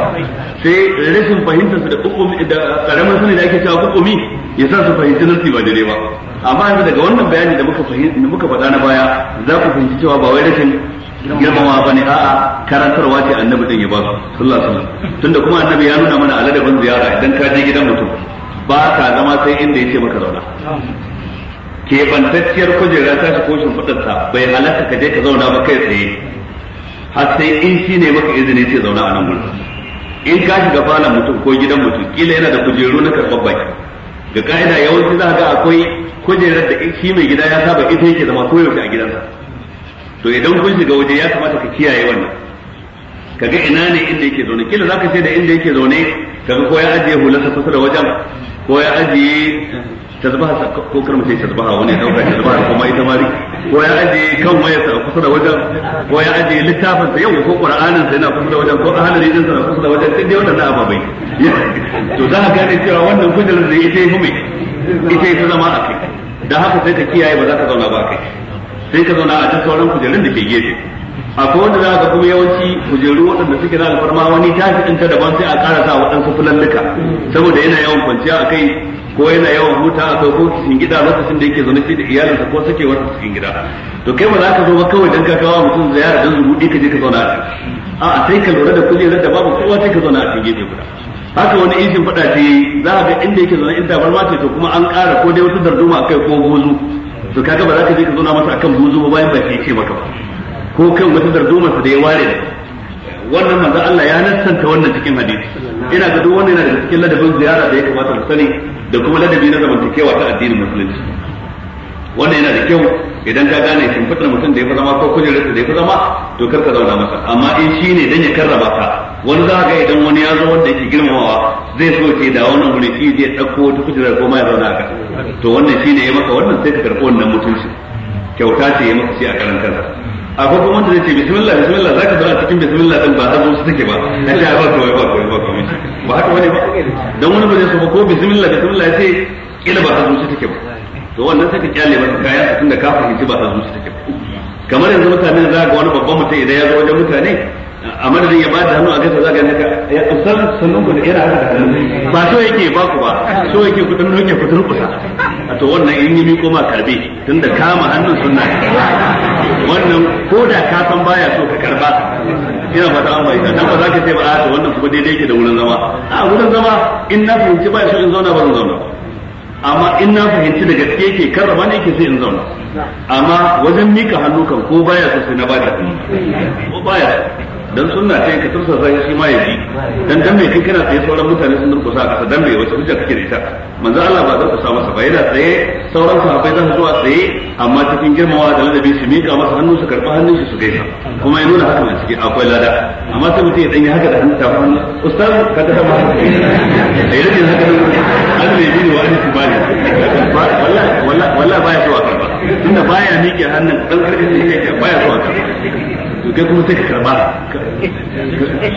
sai rashin fahimtar su da hukumi da karamin sani da ake cewa hukumi ya sa su fahimci nan ba daidai ba amma daga wannan bayani da muka fahimta muka faɗa na baya za ku fahimci cewa ba wai rashin girmamawa bane a'a karantarwa ce annabi din ya ba su sallallahu alaihi wasallam tunda kuma annabi ya nuna mana aladabin ziyara idan ka je gidan mutum ba ka zama sai inda yake maka zauna keɓantacciyar kujera ta shi ko shimfiɗarsa bai halatta ka je ka zauna ba kai tsaye har sai in shi ne maka izini ce zauna a nan gurin in ka shiga falon mutum ko gidan mutum kila yana da kujeru na karɓar baki ga ka'ida yawanci za ga akwai kujerar da shi mai gida ya saba ita yake zama koyaushe a gidansa to idan kun shiga waje ya kamata ka kiyaye wannan kaga ina ne inda yake zaune kila zaka ce da inda yake zaune kaga ko ya ajiye ta kusa da wajen ko ya ajiye tazbaha ko kar mutum tazbaha wani dauka tazbaha ko mai tamari ko ya ajiye kan waya ta kusa da wajen ko ya ajiye littafin sa yau ko qur'anin sa yana kusa da wajen ko ahalari din sa kusa da wajen duk dai wannan bai to za ka gane cewa wannan kujerar da yake yi mai ita ita zama a kai da haka sai ka kiyaye ba za ka zauna ba kai sai ka zauna a ta sauran kujerun da ke gefe akwai wanda za ka kuma yawanci kujeru waɗanda suke na alfarma wani tashi ɗin ta daban sai a ƙara sa waɗansu fulalluka saboda yana yawan kwanciya a kai ko yana yawan huta a kai ko cikin gida lokacin da yake zaune shi da iyalinsa ko sakewar cikin gida to kai ba za ka zo ba kawai dan ka kawo mutum ziyara dan ɗi ka je ka zauna a a sai ka lura da kujerun da babu kowa sai ka zauna a cikin gefe guda haka wani injin faɗa ce za a ga inda yake zaune in tabarma ce to kuma an ƙara ko dai wata darduma kai ko gozu to kaga ba za ka je ka zauna masa akan buzu ba bayan ba sai ce maka ba ko kan wata darduma da ya ware da wannan manzo Allah ya nassanta wannan cikin hadisi ina ga duk wannan yana da cikin ladabin ziyara da ya kamata mu sani da kuma ladabi na zamantakewa ta addinin musulunci wannan yana da kyau idan ka gane fitar mutum da ya fi zama ko kujerarsa da ya fi zama to karka zauna masa amma in shi ne dan ya karraba ka wani za ga idan wani ya zo wanda yake girmamawa zai so ke da wannan wuri shi zai dauko wata kujera ko ma ya zauna a to wannan shi ne ya maka wannan sai ka karbo wannan mutunci kyauta ce ya maka shi a karan kansa akwai kuma wanda zai ce bismillah bismillah zaka zauna cikin bismillah din ba hazo su take ba dan ya ba kawai ba kawai ba kawai ba haka wani ba dan wani ba zai so ko bismillah bismillah sai kila ba hazo su take ba to wannan sai ka kyale masa kaya a tunda ka fahimci ba ta zuci take ba kamar yanzu mutane za ga wani babban mutum idan ya zo wajen mutane a madadin ya bada hannu a gaisa za ga ne ka ya kusan sannan ku da yana haka ba so yake ba ku ba so yake ku dan noke ku turkusa a to wannan in yi mi koma karbe tunda kama hannun sunna wannan ko da ka san baya so ka karba ina fata an bai dan ba za ka ce ba a wannan kuma daidai yake da wurin zama a wurin zama in na fahimci ba so in zauna ba zan zauna ba amma in na fahimci da gaske yake karrama ne yake sai in zauna amma wajen mika hannu kan ko baya so sai na bada hannu ko baya dan sunna ta ka tursa sai shi ma yaji dan dan mai kai kana sai sauran mutane sun durkusa a kasa dan mai wata hujja kake da ita manzo Allah ba zai kusa masa ba yana tsaye sauran su za su zuwa tsaye amma cikin girmamawa da ladabi su mika masa hannu su karba hannun shi su gaisa kuma ya nuna haka cikin ciki akwai lada amma sai mutum ya danyi haka da hannu ta hannu ustaz ka ga ba sai haka eh, kuma sai ka karba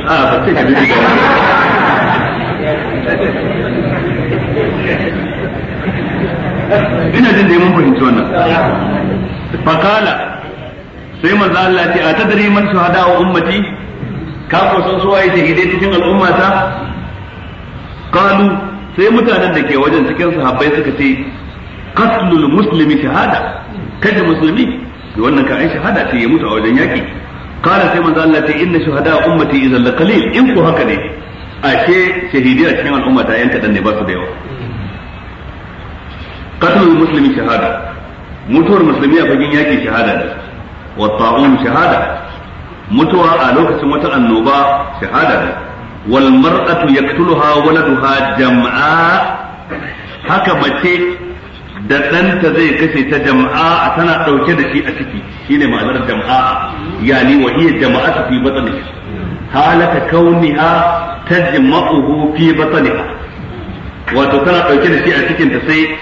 a ba ka bi ina jin da mun fahimci wannan fakala sai manzo Allah ce a tadri man shahada wa ummati ka ko san su waye cikin al'umma ta qalu sai mutanen da ke wajen cikin sahabbai suka ce qatlul muslimi shahada kaje musulmi wannan ka ai shahada ce ya mutu a wajen yaki kana sai manzo Allah ta inna shuhada ummati idan la in ko haka ne ashe shahidi a cikin al'umma ta yan kadan ne ba su da yawa qatlul muslimi shahada mutuwar musulmi a fagen yaki shahada ne wa ta'un shahada mutuwa a lokacin wata annoba shahada ne wal mar'atu yaqtuluha waladuha jama'a haka mace da ɗanta zai kashe ta jama'a tana ɗauke da shi a ciki shine ma'anar jama'a yani wa iya jama'a fi batsani halaka kauniha tajma'uhu fi batsaniha wato tana ɗauke da shi a cikin ta sai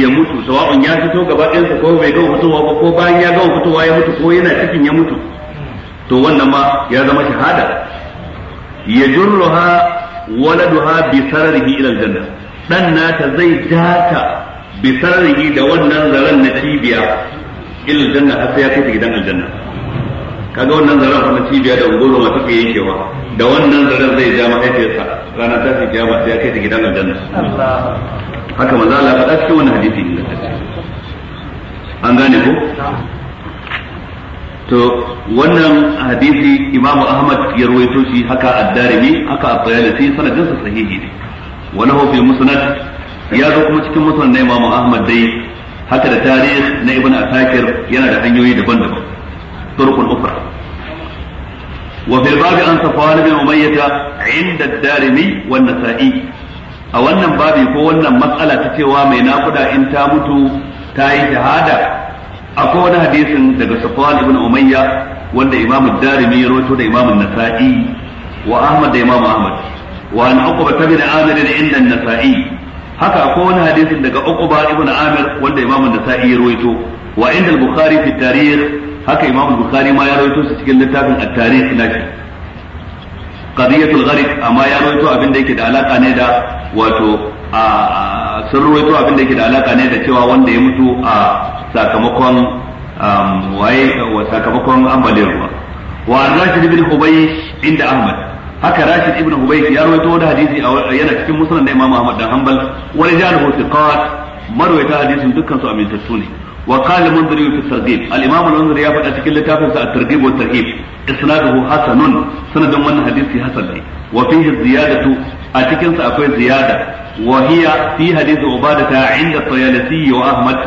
ya mutu sawa'un ya fito gaba ɗayansa ko bai gama fitowa ba ko bayan ya gama fitowa ya mutu ko yana cikin ya mutu to wannan ma ya zama shahada ya jurruha waladuha bi sararihi ila aljanna dan nata zai data bisarihi da wannan zaren na cibiya ilal janna har sai ya kai gidan aljanna kaga wannan zaren na cibiya da ungoro ma take yankewa da wannan zaren zai ja mahaifiyarsa rana ta fi kiyama sai ya kai ta gidan aljanna haka manzo Allah faɗa cikin wannan hadisi ne an gane ko to wannan hadisi imamu ahmad ya rawaito shi haka addarimi haka at-tayalisi sanadin sa sahihi ne wa lahu fi musnad ya zo kuma cikin musulun na imamu ahmad dai haka da tarih na ibn asakir yana da hanyoyi daban-daban turkun ukra wa fil babi an safwan bin umayyah inda ad-darimi wan nasa'i a wannan babi ko wannan matsala ta cewa mai nakuda in ta mutu ta yi shahada akwai wani hadisin daga safwan ibn umayya wanda imam darimi ya rawaito da imam nasa'i wa ahmad da imam ahmad wa an uqba bin amir inda nasa'i haka akwai wani hadisin daga Uqba ibn Amir wanda Imam An-Nasa'i ya rawaito wa inda Al-Bukhari fi tarikh haka Imam Bukhari ma ya rawaito shi cikin littafin At-Tarikh nashi al gharib amma ya rawaito abin da yake da alaka ne da wato a sun rawaito abin da yake da alaka ne da cewa wanda ya mutu a sakamakon um, waye wa sakamakon ambaliyar ruwa wa an Rashid ibn Hubaysh inda Ahmad haka Rashid ibn Hubayk ya rawaito wani hadisi yana cikin musnad da Imam Ahmad dan Hanbal wa rijaluhu thiqat marwayata hadisin dukkan su amintattu ne wa qala al-Munziri fi targhib al-Imam al-Munziri ya fada cikin littafinsa at-targhib wa tarhib isnaduhu hasanun sanadin wannan hadisi hasan ne wa fihi ziyadatu a cikin sa akwai ziyada wa hiya fi hadisi ubadata inda Tayalisi wa Ahmad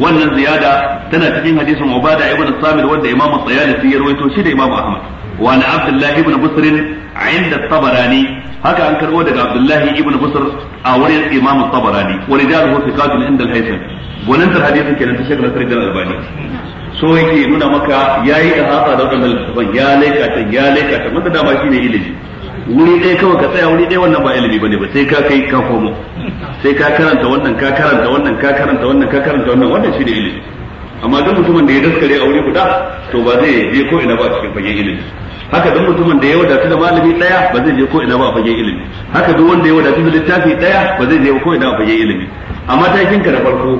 wannan ziyada tana cikin hadisin ubada ibn samir wanda imam tsayalisi ya rawaito shi da imam ahmad wa an abdullahi ibn busr inda tabarani haka an karbo daga abdullahi ibn busr a wurin imam tabarani wa rijaluhu thiqatun inda al-haytham wannan tar hadisin kenan ta shekara tarjal albani so yake nuna maka yayi da hata da wannan littafin ya laika ta ya laika ta wanda dama shine ilimi wuri ɗaya kawai ka tsaya wuri ɗaya wannan ba ilimi bane ba sai ka kai ka komo sai ka karanta wannan ka karanta wannan ka karanta wannan ka karanta wannan wannan shine ilimi amma duk mutumin da ya daskare a wuri guda to ba zai je ko ina ba cikin fagen ilimi haka duk mutumin da ya wadatu da malami daya ba zai je ko ina ba a fagen ilimi haka duk wanda ya wadatu da littafi daya ba zai je ko ina a fagen ilimi a matakin ka da farko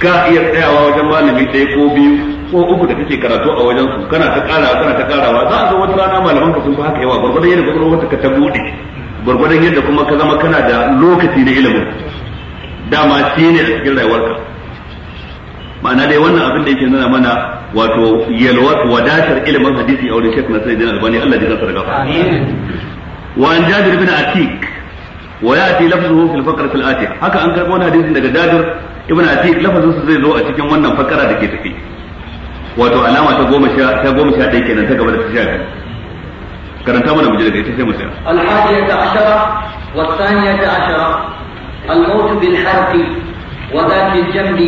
ka iya tsayawa wajen malami daya ko biyu ko uku da kake karatu a wajen su kana ta karawa kana ta karawa za a zo wata rana malaman ka sun fi haka yawa gurgurdan yadda gurgurdan wata ka ta bude gwargwadon yadda kuma ka zama kana da lokaci na ilimin dama shi ne a cikin rayuwarka ma'ana dai wannan abin da yake nuna mana wato yalwar wadatar ilimin hadisi a wurin shek na sai albani Allah ji kansa daga wa an jabir bin atik wa yati lafzuhu fil faqrat al atiya haka an karɓo wani hadisi daga jabir ibn atik lafazin su zai zo a cikin wannan fakara da ke tafi wato alama ta goma sha ta goma sha ɗaya kenan ta gaba da ta sha biyu كانت mana mujallada ita sai mu عشرة al-hadiyata ashara الجنب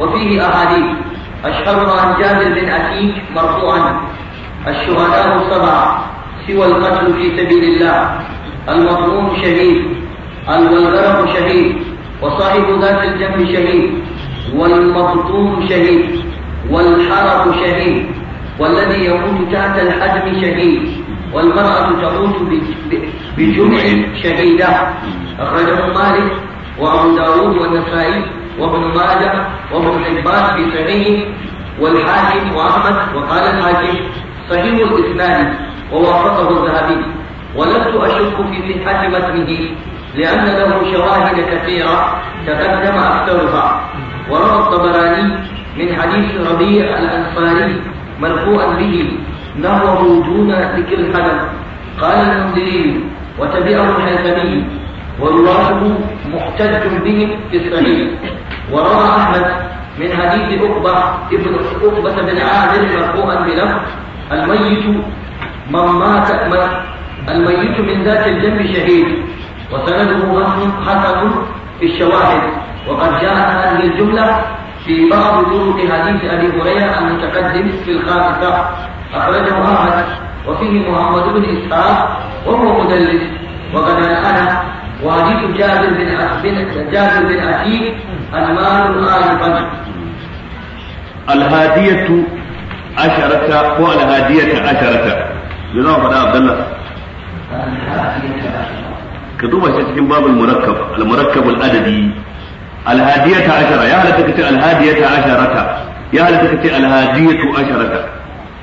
وفيه أحاديث أشهرها عن جابر بن أتيك مرفوعا الشهداء السبعة سوى القتل في سبيل الله المظلوم شهيد الولغرم شهيد وصاحب ذات الجنب شهيد والمظلوم شهيد والحرق شهيد والذي يموت تحت الحجم شهيد والمرأة تموت بجمع شهيدة أخرجه مالك وأبو داود والنسائي وابن ماجه وابن حبان في صحيحه والحاكم وأحمد وقال الحاكم صحيح الإسناد ووافقه الذهبي ولست أشك في صحة متنه لأن له شواهد كثيرة تقدم أكثرها وروى الطبراني من حديث ربيع الأنصاري مرفوعا به نهضوا دون ذكر الحلم قال المنذري وتبعه الهيثمي ورواته محتج بهم في الصحيح وروى احمد من حديث عقبه ابن عقبه بن عامر مرفوعا بلفظ الميت من مات الميت من ذات الجنب شهيد وسنده حسن في الشواهد وقد جاءت هذه الجمله في بعض طرق حديث ابي هريره المتقدم في الخامسه أخرجه أحمد وفيه محمد بن إسحاق وهو مدلس وقد أنا وجيت جابر بن بن جابر بن أكيد المال آل بن الهادية عشرة هو الهادية عشرة جزاهم الله عبد الله كتبه في سجن باب المركب المركب الأددي الهادية عشرة يا هل تكتب الهادية عشرة يا هل تكتب الهادية عشرة.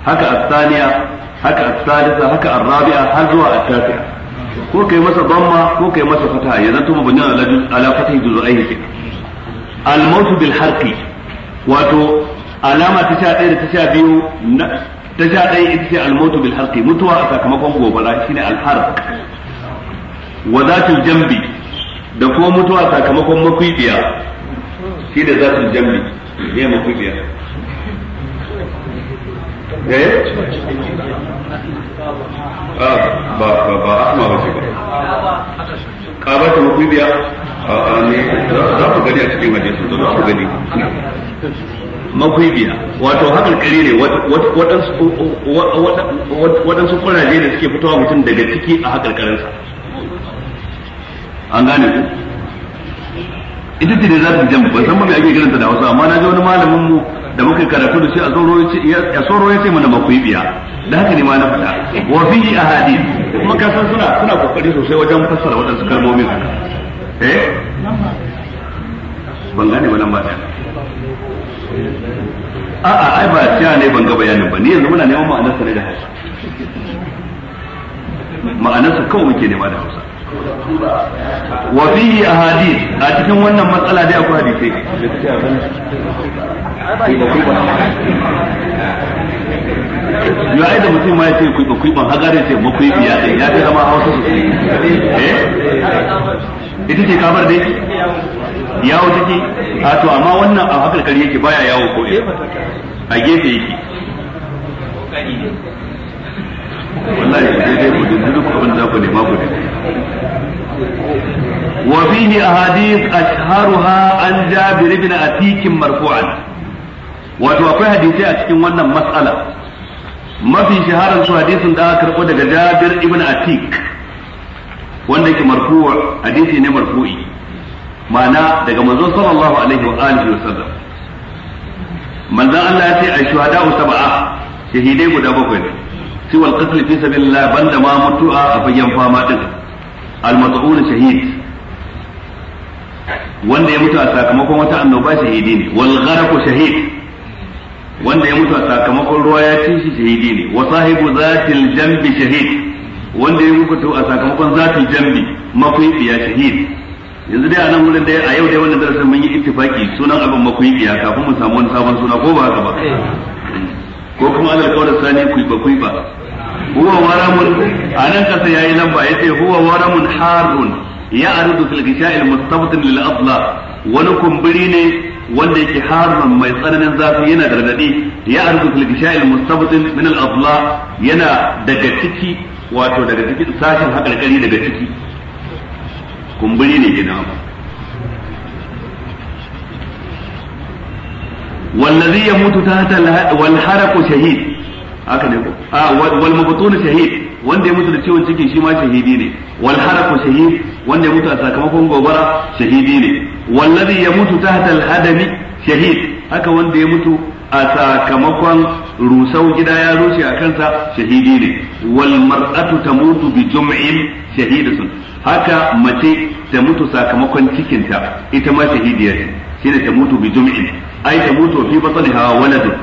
haka asaniya haka asalisa haka arrabi'a har zuwa attafi'a ko kai masa damma ko kai masa fata ya zanto mabani ala ala fatahi juz'aihi ke al mawt bil harqi wato alama ta sha ɗaya da ta sha biyu ta sha ɗaya ita ce al mawt bil harqi mutuwa a sakamakon gobara shine al harq wa zatul jambi da kuma mutuwa sakamakon makwibiya shi da zatul jambi ne makwibiya eh ah, ba ba ba asma ba ce ba kaba ta mafidiya a ah, ah, ne za ku gani a cikin hadisin za ku gani mafidiya wato hakan kare ne waɗansu kuraje ne suke fitowa mutum daga ciki a hakan karansa an gane ku ita ce ne za ta jama ban san mai ake kiranta da hausa amma na ji wani malamin mu da muka karatu da shi a tsoro ya tsoro ya ce mana makuyi biya da haka ne ma na faɗa wa fi ahadith kuma ka san suna suna kokari sosai wajen fassara waɗansu kalmomin eh ban gane ba nan ba a'a ai ba cewa ne ban ga bayanin ba ni yanzu muna neman ma'anar sa ne da Hausa ma'anar sa kawai muke nema da Hausa wa fihi ahadith a cikin wannan matsala dai akwai hadisi yo ai da mutum ma ya ce kuiba kuiban hagarin ce makuibi ya ya fi zama hausa sosai eh idan ce kabar dai yawo take a to amma wannan a hakalkar yake baya yawo ko a gefe yake wallahi sai dai ku dinga duk abin da ku nema ku dinga marfu'an wato akwai hadisi a cikin wannan mas'ala mafi shaharan su hadithin da aka karbo daga jabir ibn atik wanda yake marfu'a hadithi ne marfu'i ma'ana daga manzo sallallahu alaihi wa alihi wa wasallam manzo Allah ya ce ai shuhada sab'a shahidai guda bakwai ne siwal qatl fi sabilillah banda ma mutu'a a fagen fama din al mat'un shahid wanda ya mutu a sakamakon wata annoba shahidi ne wal gharq shahid wanda ya mutu a sakamakon ruwa ya ci shi shahidi ne wa sahibu zatil jambi shahid wanda ya mutu a sakamakon zatil jambi makuyi shahid yanzu dai a nan wurin dai a yau dai wannan darasin mun yi ittifaki sunan abin makuyiya kafin mu samu wani sabon suna ko ba haka ba eh. ko kuma alal kawar sani kuiba kuiba huwa waramun anan kasa yayi lamba yace huwa waramun harun ya'rudu fil ghisha'il mustabtin lil adla wani kumburi ne wanda yake harun mai tsananin zafi yana da radadi ya'rudu fil ghisha'il mustabtin min al adla yana daga ciki wato daga cikin sashin hakalkari daga ciki kumburi ne gina wallazi yamutu tahta wal haraqu shahid haka ne ko a wal mabtun shahid wanda ya mutu da ciwon ciki shi ma shahidi ne wal haraku shahid wanda ya mutu a sakamakon gobara shahidi ne wallazi ya mutu tahta al hadami shahid haka wanda ya mutu a sakamakon rusau gida ya rushe a kansa shahidi ne wal mar'atu tamutu bi jum'in shahidatun haka mace ta mutu sakamakon cikinta ita ma shahidiya ce shine ta mutu bi jum'in ai ta mutu fi batniha waladun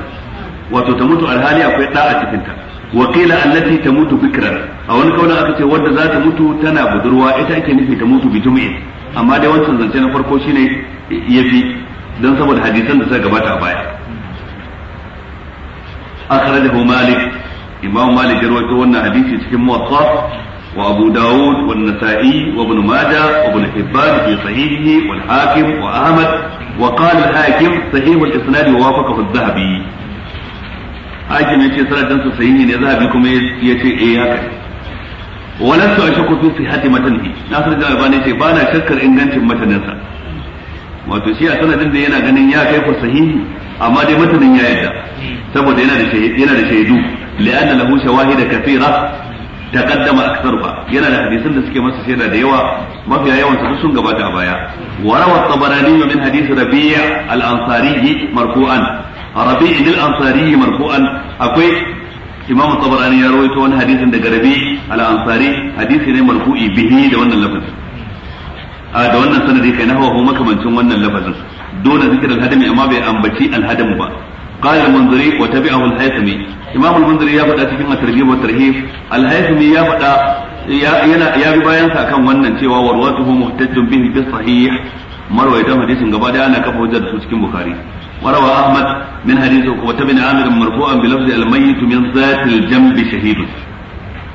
wato ta mutu alhali akwai da a cikin ta wa qila allati tamutu bikran a wani kaula aka ce wanda za ta mutu tana budurwa ita ake nufi ta mutu bi jumu'in amma dai wancan zance na farko shine yafi dan saboda hadisan da suka gabata a baya akhrajahu malik imam malik ya rawaito wannan hadisi cikin muwatta وابو داود والنسائي وابن ماجه وابن حبان في صحيحه والحاكم واحمد وقال الحاكم صحيح wa ووافقه الذهبي hakim ya ce sanadin su sahihi ne zahabi kuma ya ce eh haka walan su ashku fi sihhati matanihi nasir da albani ce bana shakkar ingancin matanin sa wato shi a sanadin da yana ganin ya kai ku sahihi amma dai matanin ya yadda saboda yana da shahidi yana da shahidu li'anna lahu shawahida kathira taqaddama aktharuha yana da hadisan da suke masa shaida da yawa mafiya yawan su sun gabata a baya wa rawat tabarani min hadith rabi' al-ansari marfu'an rabi'i lil ansari marfu'an akwai imamu tabarani ya rawaito wani hadisin daga rabi al ansari ne marfu'i bihi da wannan lafazin a da wannan sanadi kai na hawa makamancin wannan lafazin dole amma bai ambaci al قال المنذري وتبعه الهيثمي امام المنذري يا فدا cikin at-targhib wa ya yana ya bi bayan sa kan wannan cewa warwatuhu muhtajjun bihi bi sahih marwayatan hadisin gaba da ana kafa hujjar su cikin bukhari وروى أحمد من حديث عقبة بن عامر مرفوعا بلفظ الميت من ذات الجنب شهيد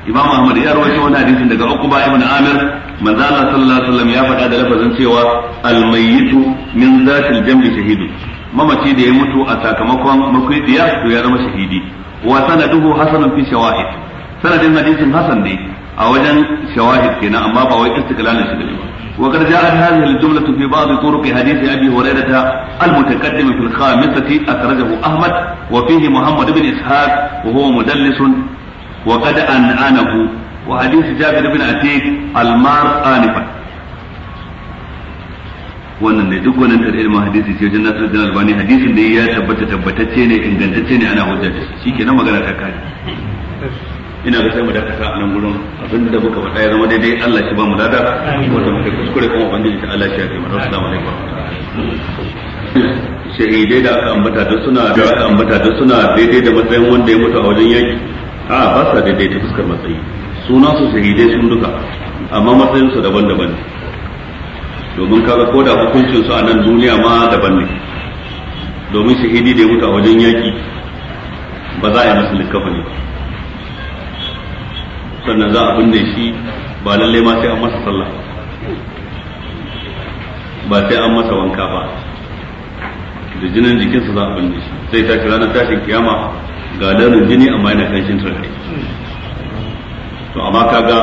Imam Ahmad ya rawaito wani hadisin daga Uqba ibn Amir manzo Allah sallallahu alaihi ya faɗa da lafazin cewa al-mayyitu min zatil jambi shahidu mamaci da ya mutu a sakamakon makuidiya to ya zama shahidi wa sanaduhu hasanun fi shawahid sanadin hadisin Hassan ne a wajen shawahid kenan amma ba wai istiqlalin shi ne ba وقد جاءت هذه الجملة في بعض طرق حديث أبي هريرة المتقدم في الخامسة أخرجه أحمد وفيه محمد بن wa وهو مدلس وقد أنأنه وحديث جابر بن أتيك المار آنفا wannan ne duk wannan tarihin ma hadisi ce wajen nasarar janar albani hadisin da ya tabbata tabbatacce ne ingantacce ne ana hujja shi kenan magana ta kare ina ga sai mu dakata a nan gurin abinda da muka faɗa ya zama daidai Allah shi ba mu lada wanda muka kuskure kuma ubangiji ta Allah shi ya kai mu assalamu alaikum shahidai da aka ambata da suna da aka ambata da suna daidai da matsayin wanda ya mutu a wajen yaki a ba sa daidai da fuskar matsayi sunan su shahidai sun duka amma matsayin su daban-daban ne domin kaga ko da hukuncin su a nan duniya ma daban ne domin shahidi da ya mutu a wajen yaki ba za a yi masa likafa ne ba sannan za a binne shi ba lalle ma sai an masa sallah ba sai an masa wanka ba da jinin jikinsa za a binne shi sai ta kira ranar tashin kiyama ga launin jini amma yana kanshin turare to amma kaga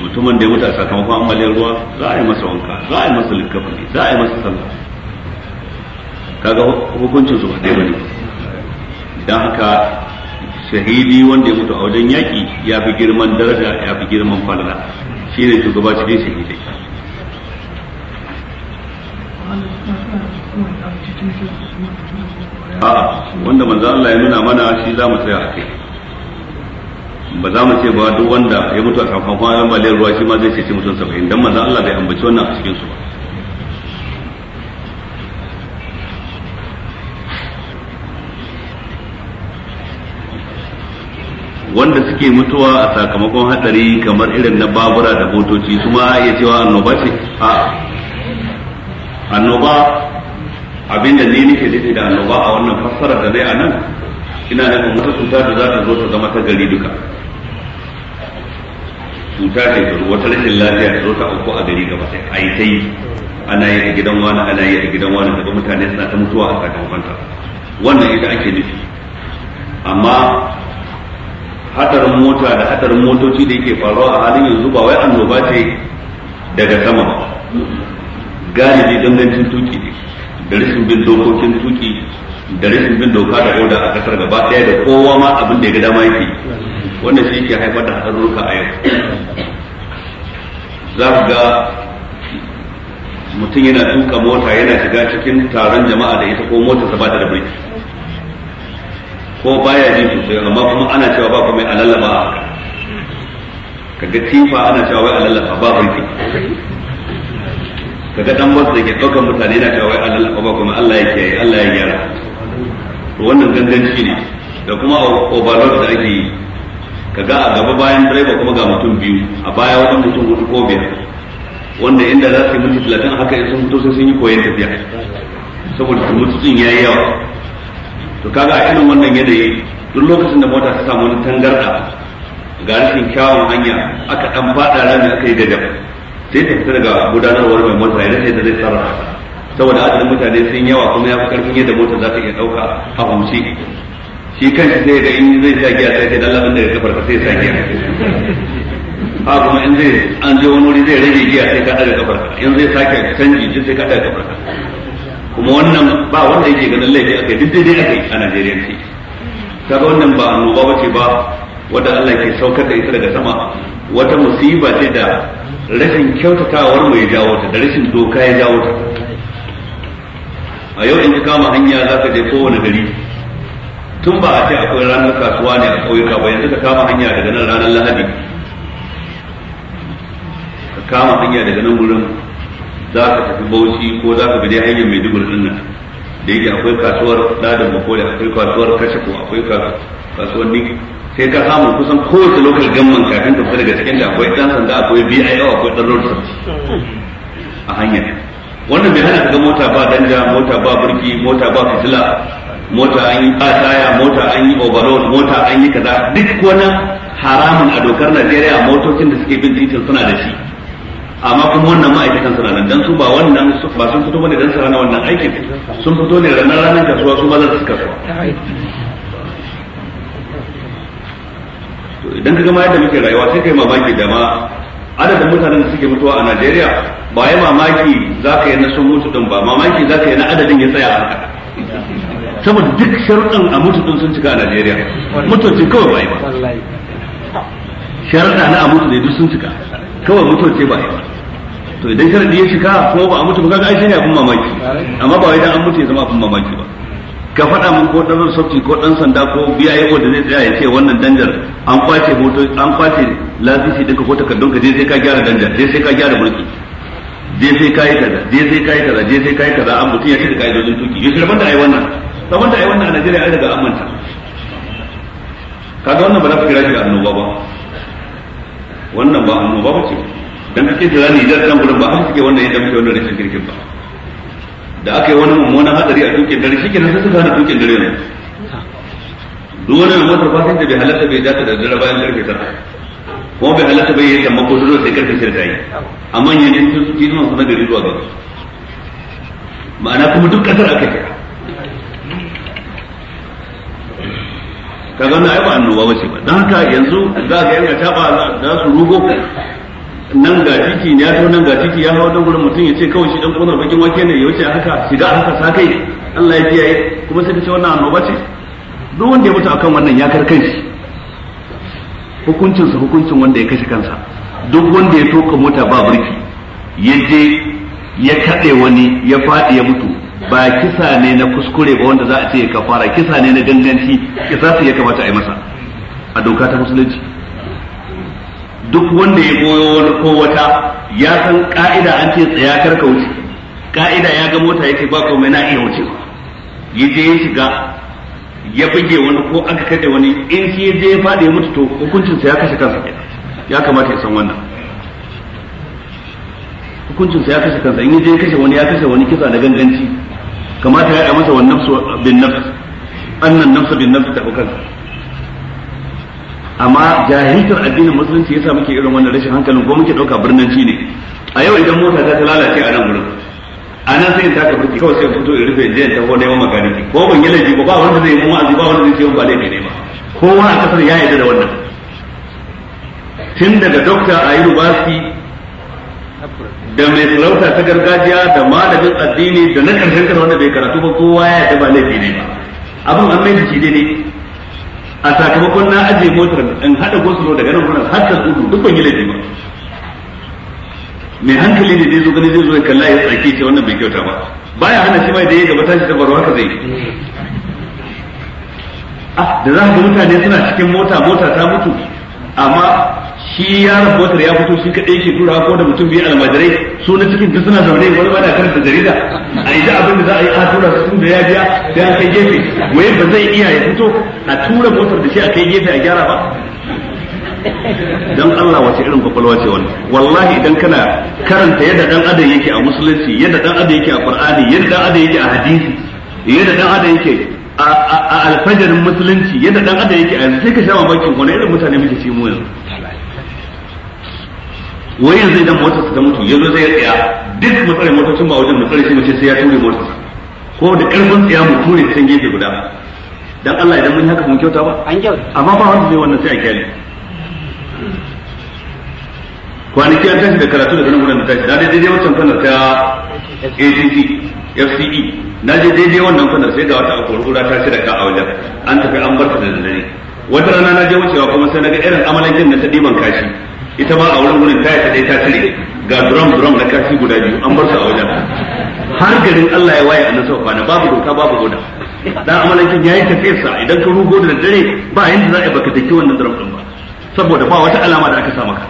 mutumin da ya mutu a sakamakon ambaliyar ruwa za a yi masa wanka za a yi masa likkafa za a yi masa sallah kaga hukuncin su ba dai bane dan haka shahidi wanda ya mutu a wajen yaƙi ya fi girman daraja ya fi girman falala shi ne shugaba cikin shahidai a'a wanda manzo Allah ya nuna mana shi za mu tsaya a kai ba za mu ce ba duk wanda ya mutu a kafafan fanfan ruwa shi ma zai ce mutum saba'in dan manzo Allah bai ambaci wannan a cikin su ba wanda suke mutuwa a sakamakon hatsari kamar irin na babura da motoci su ma iya cewa annoba ce a annoba abinda ni nake nufi da annoba a wannan fassara da zai a nan ina kuma wata cuta da za ta zo ta zama ta gari duka cuta ne da wata rashin lafiya ta zo ta auku a gari gaba sai a yi ta yi ana yi a gidan wani ana yi a gidan wani daga mutane suna ta mutuwa a sakamakon ta wannan ita ake nufi amma hatarin mota da hatarin motoci da yake faruwa a halin yanzu ba wai annoba ce daga sama ba galibi dangancin tuki ne da rashin bin dokokin tuki da rashin bin doka da oda a kasar gaba daya da kowa ma abin da ya ga dama yake wannan shi ke haifar da hadarurruka a yau za ku ga mutum yana tuka mota yana shiga cikin taron jama'a da ita ko ta ba ta da birki ko baya ji sosai amma kuma ana cewa ba kuma a ba a ka kaga tifa ana cewa wai a ba ba barci kaga dan wasu da ke ɗaukar mutane na cewa wai a ba kuma Allah ya kiyaye Allah ya gyara to wannan ganganci ne da kuma overload da ake yi kaga a gaba bayan driver kuma ga mutum biyu a baya wani mutum hudu ko biyar wanda inda za su yi mutu talatin haka sun mutu sai sun yi koyon tafiya saboda mutu tsin yayi yawa to kaga a irin wannan yanayi duk lokacin da mota ta samu wani tangarda ga rashin kyawun hanya aka dan fada rami aka yi da dab sai ta fita daga gudanarwar mai mota ya rashin da zai tsara saboda adadin mutane sun yawa kuma ya fi karfin yadda mota za ta iya dauka a hunci shi kanshi sai ga in zai sa giya sai ta lallaban da ya kafar sai sa giya ha kuma in zai an je wani wuri zai rage giya sai ka daga kafar in zai sake canji sai ka daga kafar kuma wannan ba wanda yake ganin laifi a kai duk daidai kai a Najeriya ce kaga wannan ba annoba bace ba wanda Allah ke saukar da ita daga sama wata musiba ce da rashin kyautatawar mai ya jawo ta da rashin doka ya jawo ta a yau in ka kama hanya za ka je kowane gari tun ba a ce akwai ranar kasuwa ne a ƙauyuka ba yanzu ka kama hanya daga nan ranar lahadi ka kama hanya daga nan wurin za ka tafi bauchi ko za ka bi hanyar mai dubur nan da yake akwai kasuwar ladan makole akwai kasuwar kashe ko akwai kasuwar niki sai ka samu kusan kowace lokacin gamman kafin ka daga cikin da akwai dan sanda akwai BIO akwai dan road a hanyar wannan bai hana ga mota ba danja mota ba burki mota ba fitila mota an yi ataya mota an yi overload mota an yi kaza duk wani haramun a dokar Najeriya motocin da suke bin titin suna da shi amma kuma wannan ma'aikatan su nan dan su ba wannan ba sun fito bane dan su ranar wannan aikin sun fito ne ranar ranar kasuwa su ma za su kasuwa to idan ka gama yadda muke rayuwa sai kai mamaki da ma adadin mutanen da suke mutuwa a Najeriya ba ya mamaki za ka yi na sun mutu din ba mamaki za ka yi na adadin ya tsaya a haka saboda duk sharuɗan a mutu din sun cika a Najeriya mutunci kawai ba yi ba sharuɗa na a mutu ne duk sun cika kawai mutunci ba yi ba to idan sharadi ya cika kuma ba a mutu ba kaga ai shine abin mamaki amma ba wai dan an mutu ya zama abin mamaki ba ka faɗa mun ko dan sarki ko dan sanda ko biya yawo da zai tsaya ya ce wannan danjar an kwace hoto an kwace lasisi ɗinka ko takardun ka je sai ka gyara danjar je sai ka gyara mulki je sai kai kaza je sai kai kaza je sai kai kaza an mutu ya kai kaidojin tuki yusuf shirban da ai wannan saban da ai wannan a Najeriya ai daga amanta. kaga wannan ba za ka kira shi annoba ba wannan ba annoba ba ce dan kake jira ne idan kan gurin ba har ke wanda ya muke wannan rashin kirkin ba da aka yi wani mummunan hadari a tukin dare shi kenan sai suka hana tukin dare ne duk wani mai motar fasin bai halatta bai dace da dare bayan karfe tara kuma bai halatta bai yi tamma ko sai karfe shida ta yi amma yanzu su suke zuwa suna gari zuwa gaba ma'ana kuma duk kasar aka yi ka na ai ba annoba ba ce ba don haka yanzu za ga yana taba za su rugo nan ga titi ya to nan ga titi ya hawo dan gurin mutum ya ce kawai shi dan kunar bakin wake ne ya wuce haka shiga haka sa kai Allah ya kiyaye kuma sai ka ce wannan annoba ce duk wanda ya mutu akan wannan ya kar kanshi hukuncinsa hukuncin wanda ya kashe kansa duk wanda ya toka mota ba burki ya je ya kaɗe wani ya faɗi ya mutu ba kisa ne na kuskure ba wanda za a ce ya kafara kisa ne na ganganci kisa su ya kamata a yi masa a doka ta musulunci duk wanda ya goyo wani ko wata ya san ka'ida an ce tsaya karka ka wuce ka'ida ya ga mota yake ba komai na iya wucewa ya je ya shiga ya buge wani ko aka kade wani in shi ya je ya faɗi ya mutu to hukuncinsa ya kashe kansa ya kamata ya san wannan hukuncinsa ya kashe kansa in ya je ya kashe wani ya kashe wani kisa da ganganci kamata ya yi masa wannan nafsu bin nafsu annan nafsa bin nafsu ta hukunta amma jahiltar addinin musulunci yasa muke irin wannan rashin hankalin ko muke dauka birnin ci ne a yau idan mota ta lalace a nan gurin a nan sai in taka burki kawai sai fito in rufe jiyan ta ko neman magani ko ban yi laifi ba wanda zai yi mu ba wanda zai ce ba laifi ne ba kowa a kasar ya yarda da wannan tun daga dokta a yi rubasi da mai sarauta ta gargajiya da malamin addini da na karshen kar wanda bai karatu ba kowa ya yarda ba laifi ne ba abin an mai shi daidai a sakamakon na ajiye motar in hada gosu daga nan gurin har ta tsudu duk ban yi laifi ba mai hankali ne zai zo gani zai zo ya kalla ya tsaki ce wannan bai kyauta ba baya hana shi mai da ya gaba tashi da baro haka zai ah, da za ka mutane suna cikin mota mota ta mutu amma shi ya rahotar ya fito shi kaɗai ke tura ko da mutum biyu almajirai su na cikin duk suna zaune wani ba na da jarida a yi abin da za a yi a tura su da ya biya da ya kai gefe wai ba zai iya ya fito a tura motar da shi a kai gefe a gyara ba dan Allah wace irin kwakwalwa ce wannan wallahi idan kana karanta yadda dan adam yake a musulunci yadda dan adam yake a qur'ani yadda dan adam yake a hadisi yadda dan adam yake a alfajarin musulunci yadda dan adam yake a yanzu sai ka sha mamakin wani irin mutane muke ci mu yanzu wai yanzu idan motar ta mutu yanzu zai ya tsaya duk mu motocin ba wajen mu shi mace sai ya ture motar ko da karfin tsaya mu ture can gefe guda dan Allah idan mun yi haka mun kyauta ba an kyauta amma ba wanda zai wannan sai a kyale kwanaki an tashi da karatu daga nan wurin da tashi na dai daidai wancan fannar ta ACC FCE na je daidai wannan fannar sai ga wata a akwai ta shi da ka a wajen an tafi an bar ta da dare wata rana na je wucewa kuma sai na ga irin amalankin na ta ɗiban kashi ita ma a wurin wurin taya ta dai ta tare ga drum drum na kashi guda biyu an bar su a wajen har garin Allah ya waye annabi sallallahu alaihi babu doka babu goda dan amalakin yayi tafiyarsa idan ka rugo da dare ba yanda za a baka take wannan drum din ba saboda ba wata alama da aka sa maka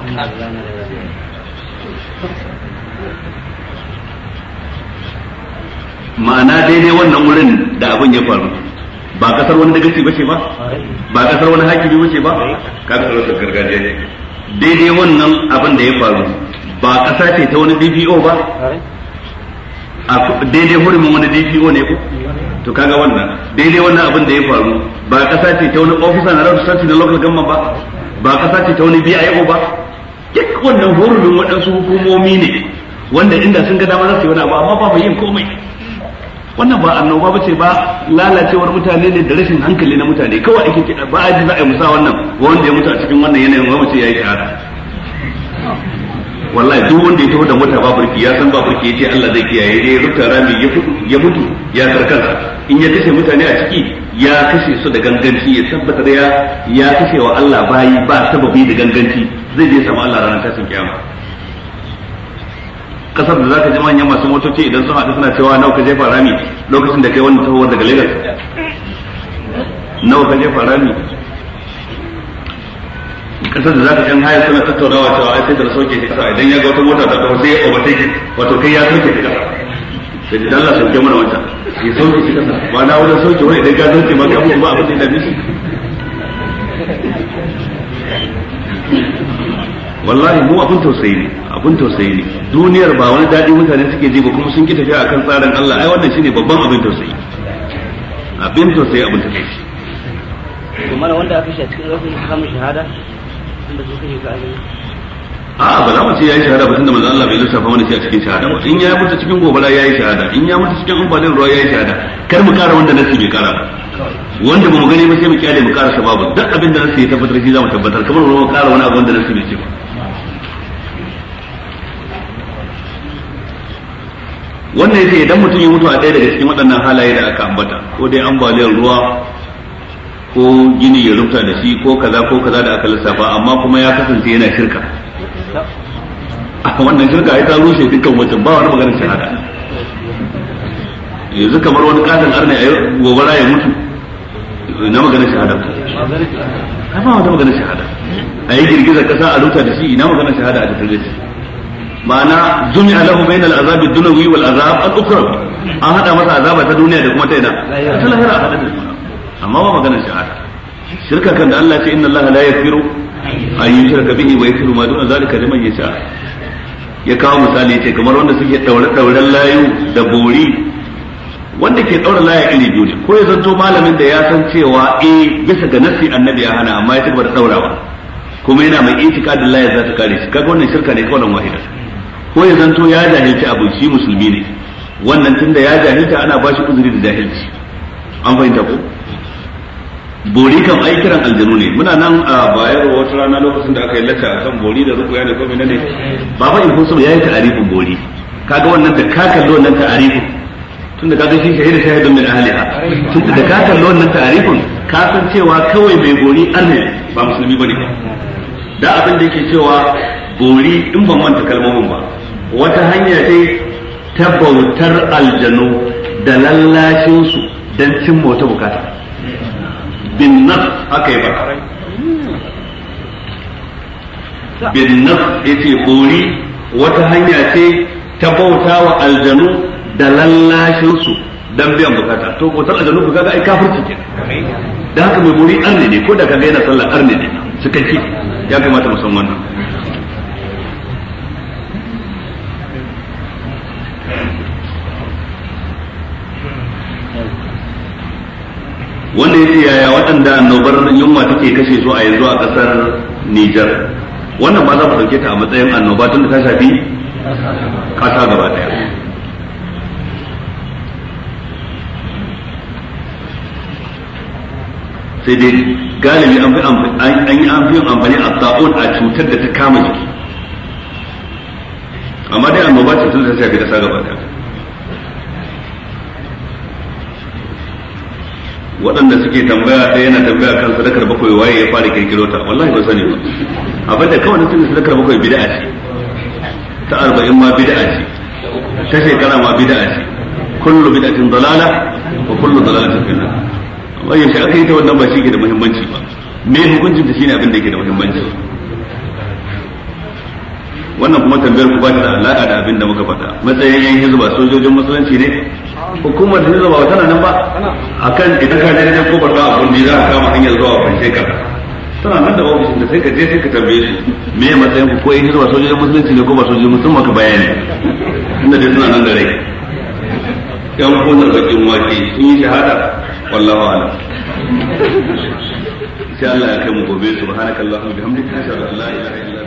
ma'ana daidai wannan wurin da abin ya faru ba kasar wani dagaci bace ba ba kasar wani hakimi bace ba ka kasar gargajiya ne daidai wannan abin da ya faru ba kasa ce ta wani DPO ba daidai hurumin wani DPO ne ku? to kaga wannan daidai wannan abin da ya faru ba kasa ce ta wani officer na rabu sarki na local government ba ba kasa ce ta wani BIO ba duk wannan hurumin waɗansu hukumomi ne wanda inda sun ga dama za su yi wani abu amma ba mai yin komai wannan ba annoba ce ba lalacewar mutane ne da rashin hankali na mutane kawai ake kida ba a ji za a yi musa wannan ba wanda ya mutu a cikin wannan yanayin ba mace yayi shahada wallahi duk wanda ya taho da mota ba burki ya san ba burki ce Allah zai kiyaye ya ya rubuta rami ya mutu ya karkasa in ya kashe mutane a ciki ya kashe su da ganganci ya tabbatar ya ya kashe wa Allah bayi ba sababi da ganganci zai je samu Allah ranar tasin kiyama kasar da zaka ji manyan masu motoci idan sun haɗu suna cewa nawa ka jefa rami lokacin da kai wani tahowar daga Lagos nawa ka jefa rami kasar da zaka kan haya suna tattaunawa cewa ai sai da sauke shi kasa idan ya ga wata mota ta kawo sai ya overtake wato kai ya sauke shi kasa sai da Allah ke mana wata ya sauke shi kasa ba na wani sauke wani idan ka sauke ma ka ba abin da ya dame shi wallahi mu abun tausayi ne abun tausayi ne duniyar ba wani daɗi mutane suke ji ba kuma sun ki tafiya akan tsarin Allah ai wannan shine babban abin tausayi abin tausayi abun tausayi kuma wanda aka shi a cikin lokacin samun shahada wanda suka yi ka a ba za mu ce yayi shahada ba tunda manzo Allah bai lissafa mana shi a cikin shahada in ya mutu cikin gobara yayi shahada in ya mutu cikin ambalin ruwa yayi shahada kar mu kara wanda nasi bai kara wanda ba mu gani ba sai mu kyale mu kara sababu duk abin da nasi ya tabbatar shi za mu tabbatar kamar mu kara wani abu wanda nasi bai ce ba wannan yace idan mutum ya mutu a ɗaya daga cikin waɗannan halaye da aka ambata ko dai ambaliyar ruwa ko gini ya rubuta da shi ko kaza ko kaza da aka lissafa amma kuma ya kasance yana shirka wannan shirka ai ta rushe dukkan mutum ba wani maganar shahada yanzu kamar wani katon arna a gobara ya mutu na maganar shahada ba wani maganar shahada a yi girgizar kasa a rubuta da shi ina maganar shahada a tattare da shi ma'ana zumi alahu bain al dunawi wal azab al an hada masa azaba ta duniya da kuma ta yana ta lahira a hada da amma ba maganar shirka kan da Allah ce inna Allah la yaghfiru yushraka bihi wa yaghfiru ma duna zalika liman yasha ya kawo misali ce kamar wanda suke daure dauren bori wanda ke iri ko ya zanto malamin da ya san cewa eh bisa ga nasi annabi ya hana amma ya ci gaba da daurawa kuma yana mai itikadin laya za ta kare shi kaga wannan shirka ne kawai wahida ko ya zanto ya jahilci abu shi musulmi ne wannan tunda ya jahilta ana ba shi uzuri da jahilci an fahimta ko bori kan ai kiran aljanu ne muna nan a bayar wata rana lokacin da aka yi lacca kan bori da rukuya ne ko ba baba in kusa yayi ta'arifin bori kaga wannan da ka kallo wannan ta'arifin tunda kaga shi shahida shahidun min ahliha tunda da ka kallo wannan ta'arifin ka san cewa kawai mai bori arne ba musulmi bane da abin da yake cewa bori in ban manta kalmomin ba wata hanya ce ta bautar aljanu da lallashinsu don cin wata bukata bin nas aka yi ba. bin nas yace bori wata hanya ce ta bauta wa aljanu da lallashinsu don biyan bukata to bautar aljanu ku kaga ai kafirci ke da haka mai buri arne ne ko da kaga yana sallar arne ne suka ce ya kamata mu san wannan wanda yake yaya waɗanda annobar yunwa take kashe su a yanzu a ƙasar Niger wannan ba za mu dauke ta a matsayin annoba tun da ta shafi ƙasa gaba ɗaya sai dai galibi an fi an yi an amfani a sa'on a cutar da ta kama jiki amma dai annoba ce tun da ta shafi ƙasa gaba ɗaya waɗanda suke tambaya ɗaya yana tambaya kan sadakar bakwai waye ya fara kirkiro ta wallahi ba sani ba abinda da kawai nufin sadakar bakwai bid'a ce ta arba'in ma bid'a ce ta shekara ma bid'a ce kullu bid'atin dalala wa kullu dalalatin fil nar wai yaushe aka yi ta wannan ba shi ke da muhimmanci ba me hukuncin ta shine abin da yake da muhimmanci wannan kuma tambayar ku ba ta da alaka da abin da muka faɗa matsayin yan hizba sojojin musulunci ne hukumar hizba ba tana nan ba akan idan ka je da kofar ba abun da za ka kama hanyar zuwa fanshe ka tana nan da ofishin da sai ka je sai ka tambaye su me matsayin ku ko yan hizba sojojin musulunci ne ko ba sojojin musulunci ka bayani inda dai suna nan da rai yan kunar bakin wake sun yi shahada wallahu a'lam sai Allah ya kai mu gobe subhanakallahumma bihamdika ashhadu an la ilaha illa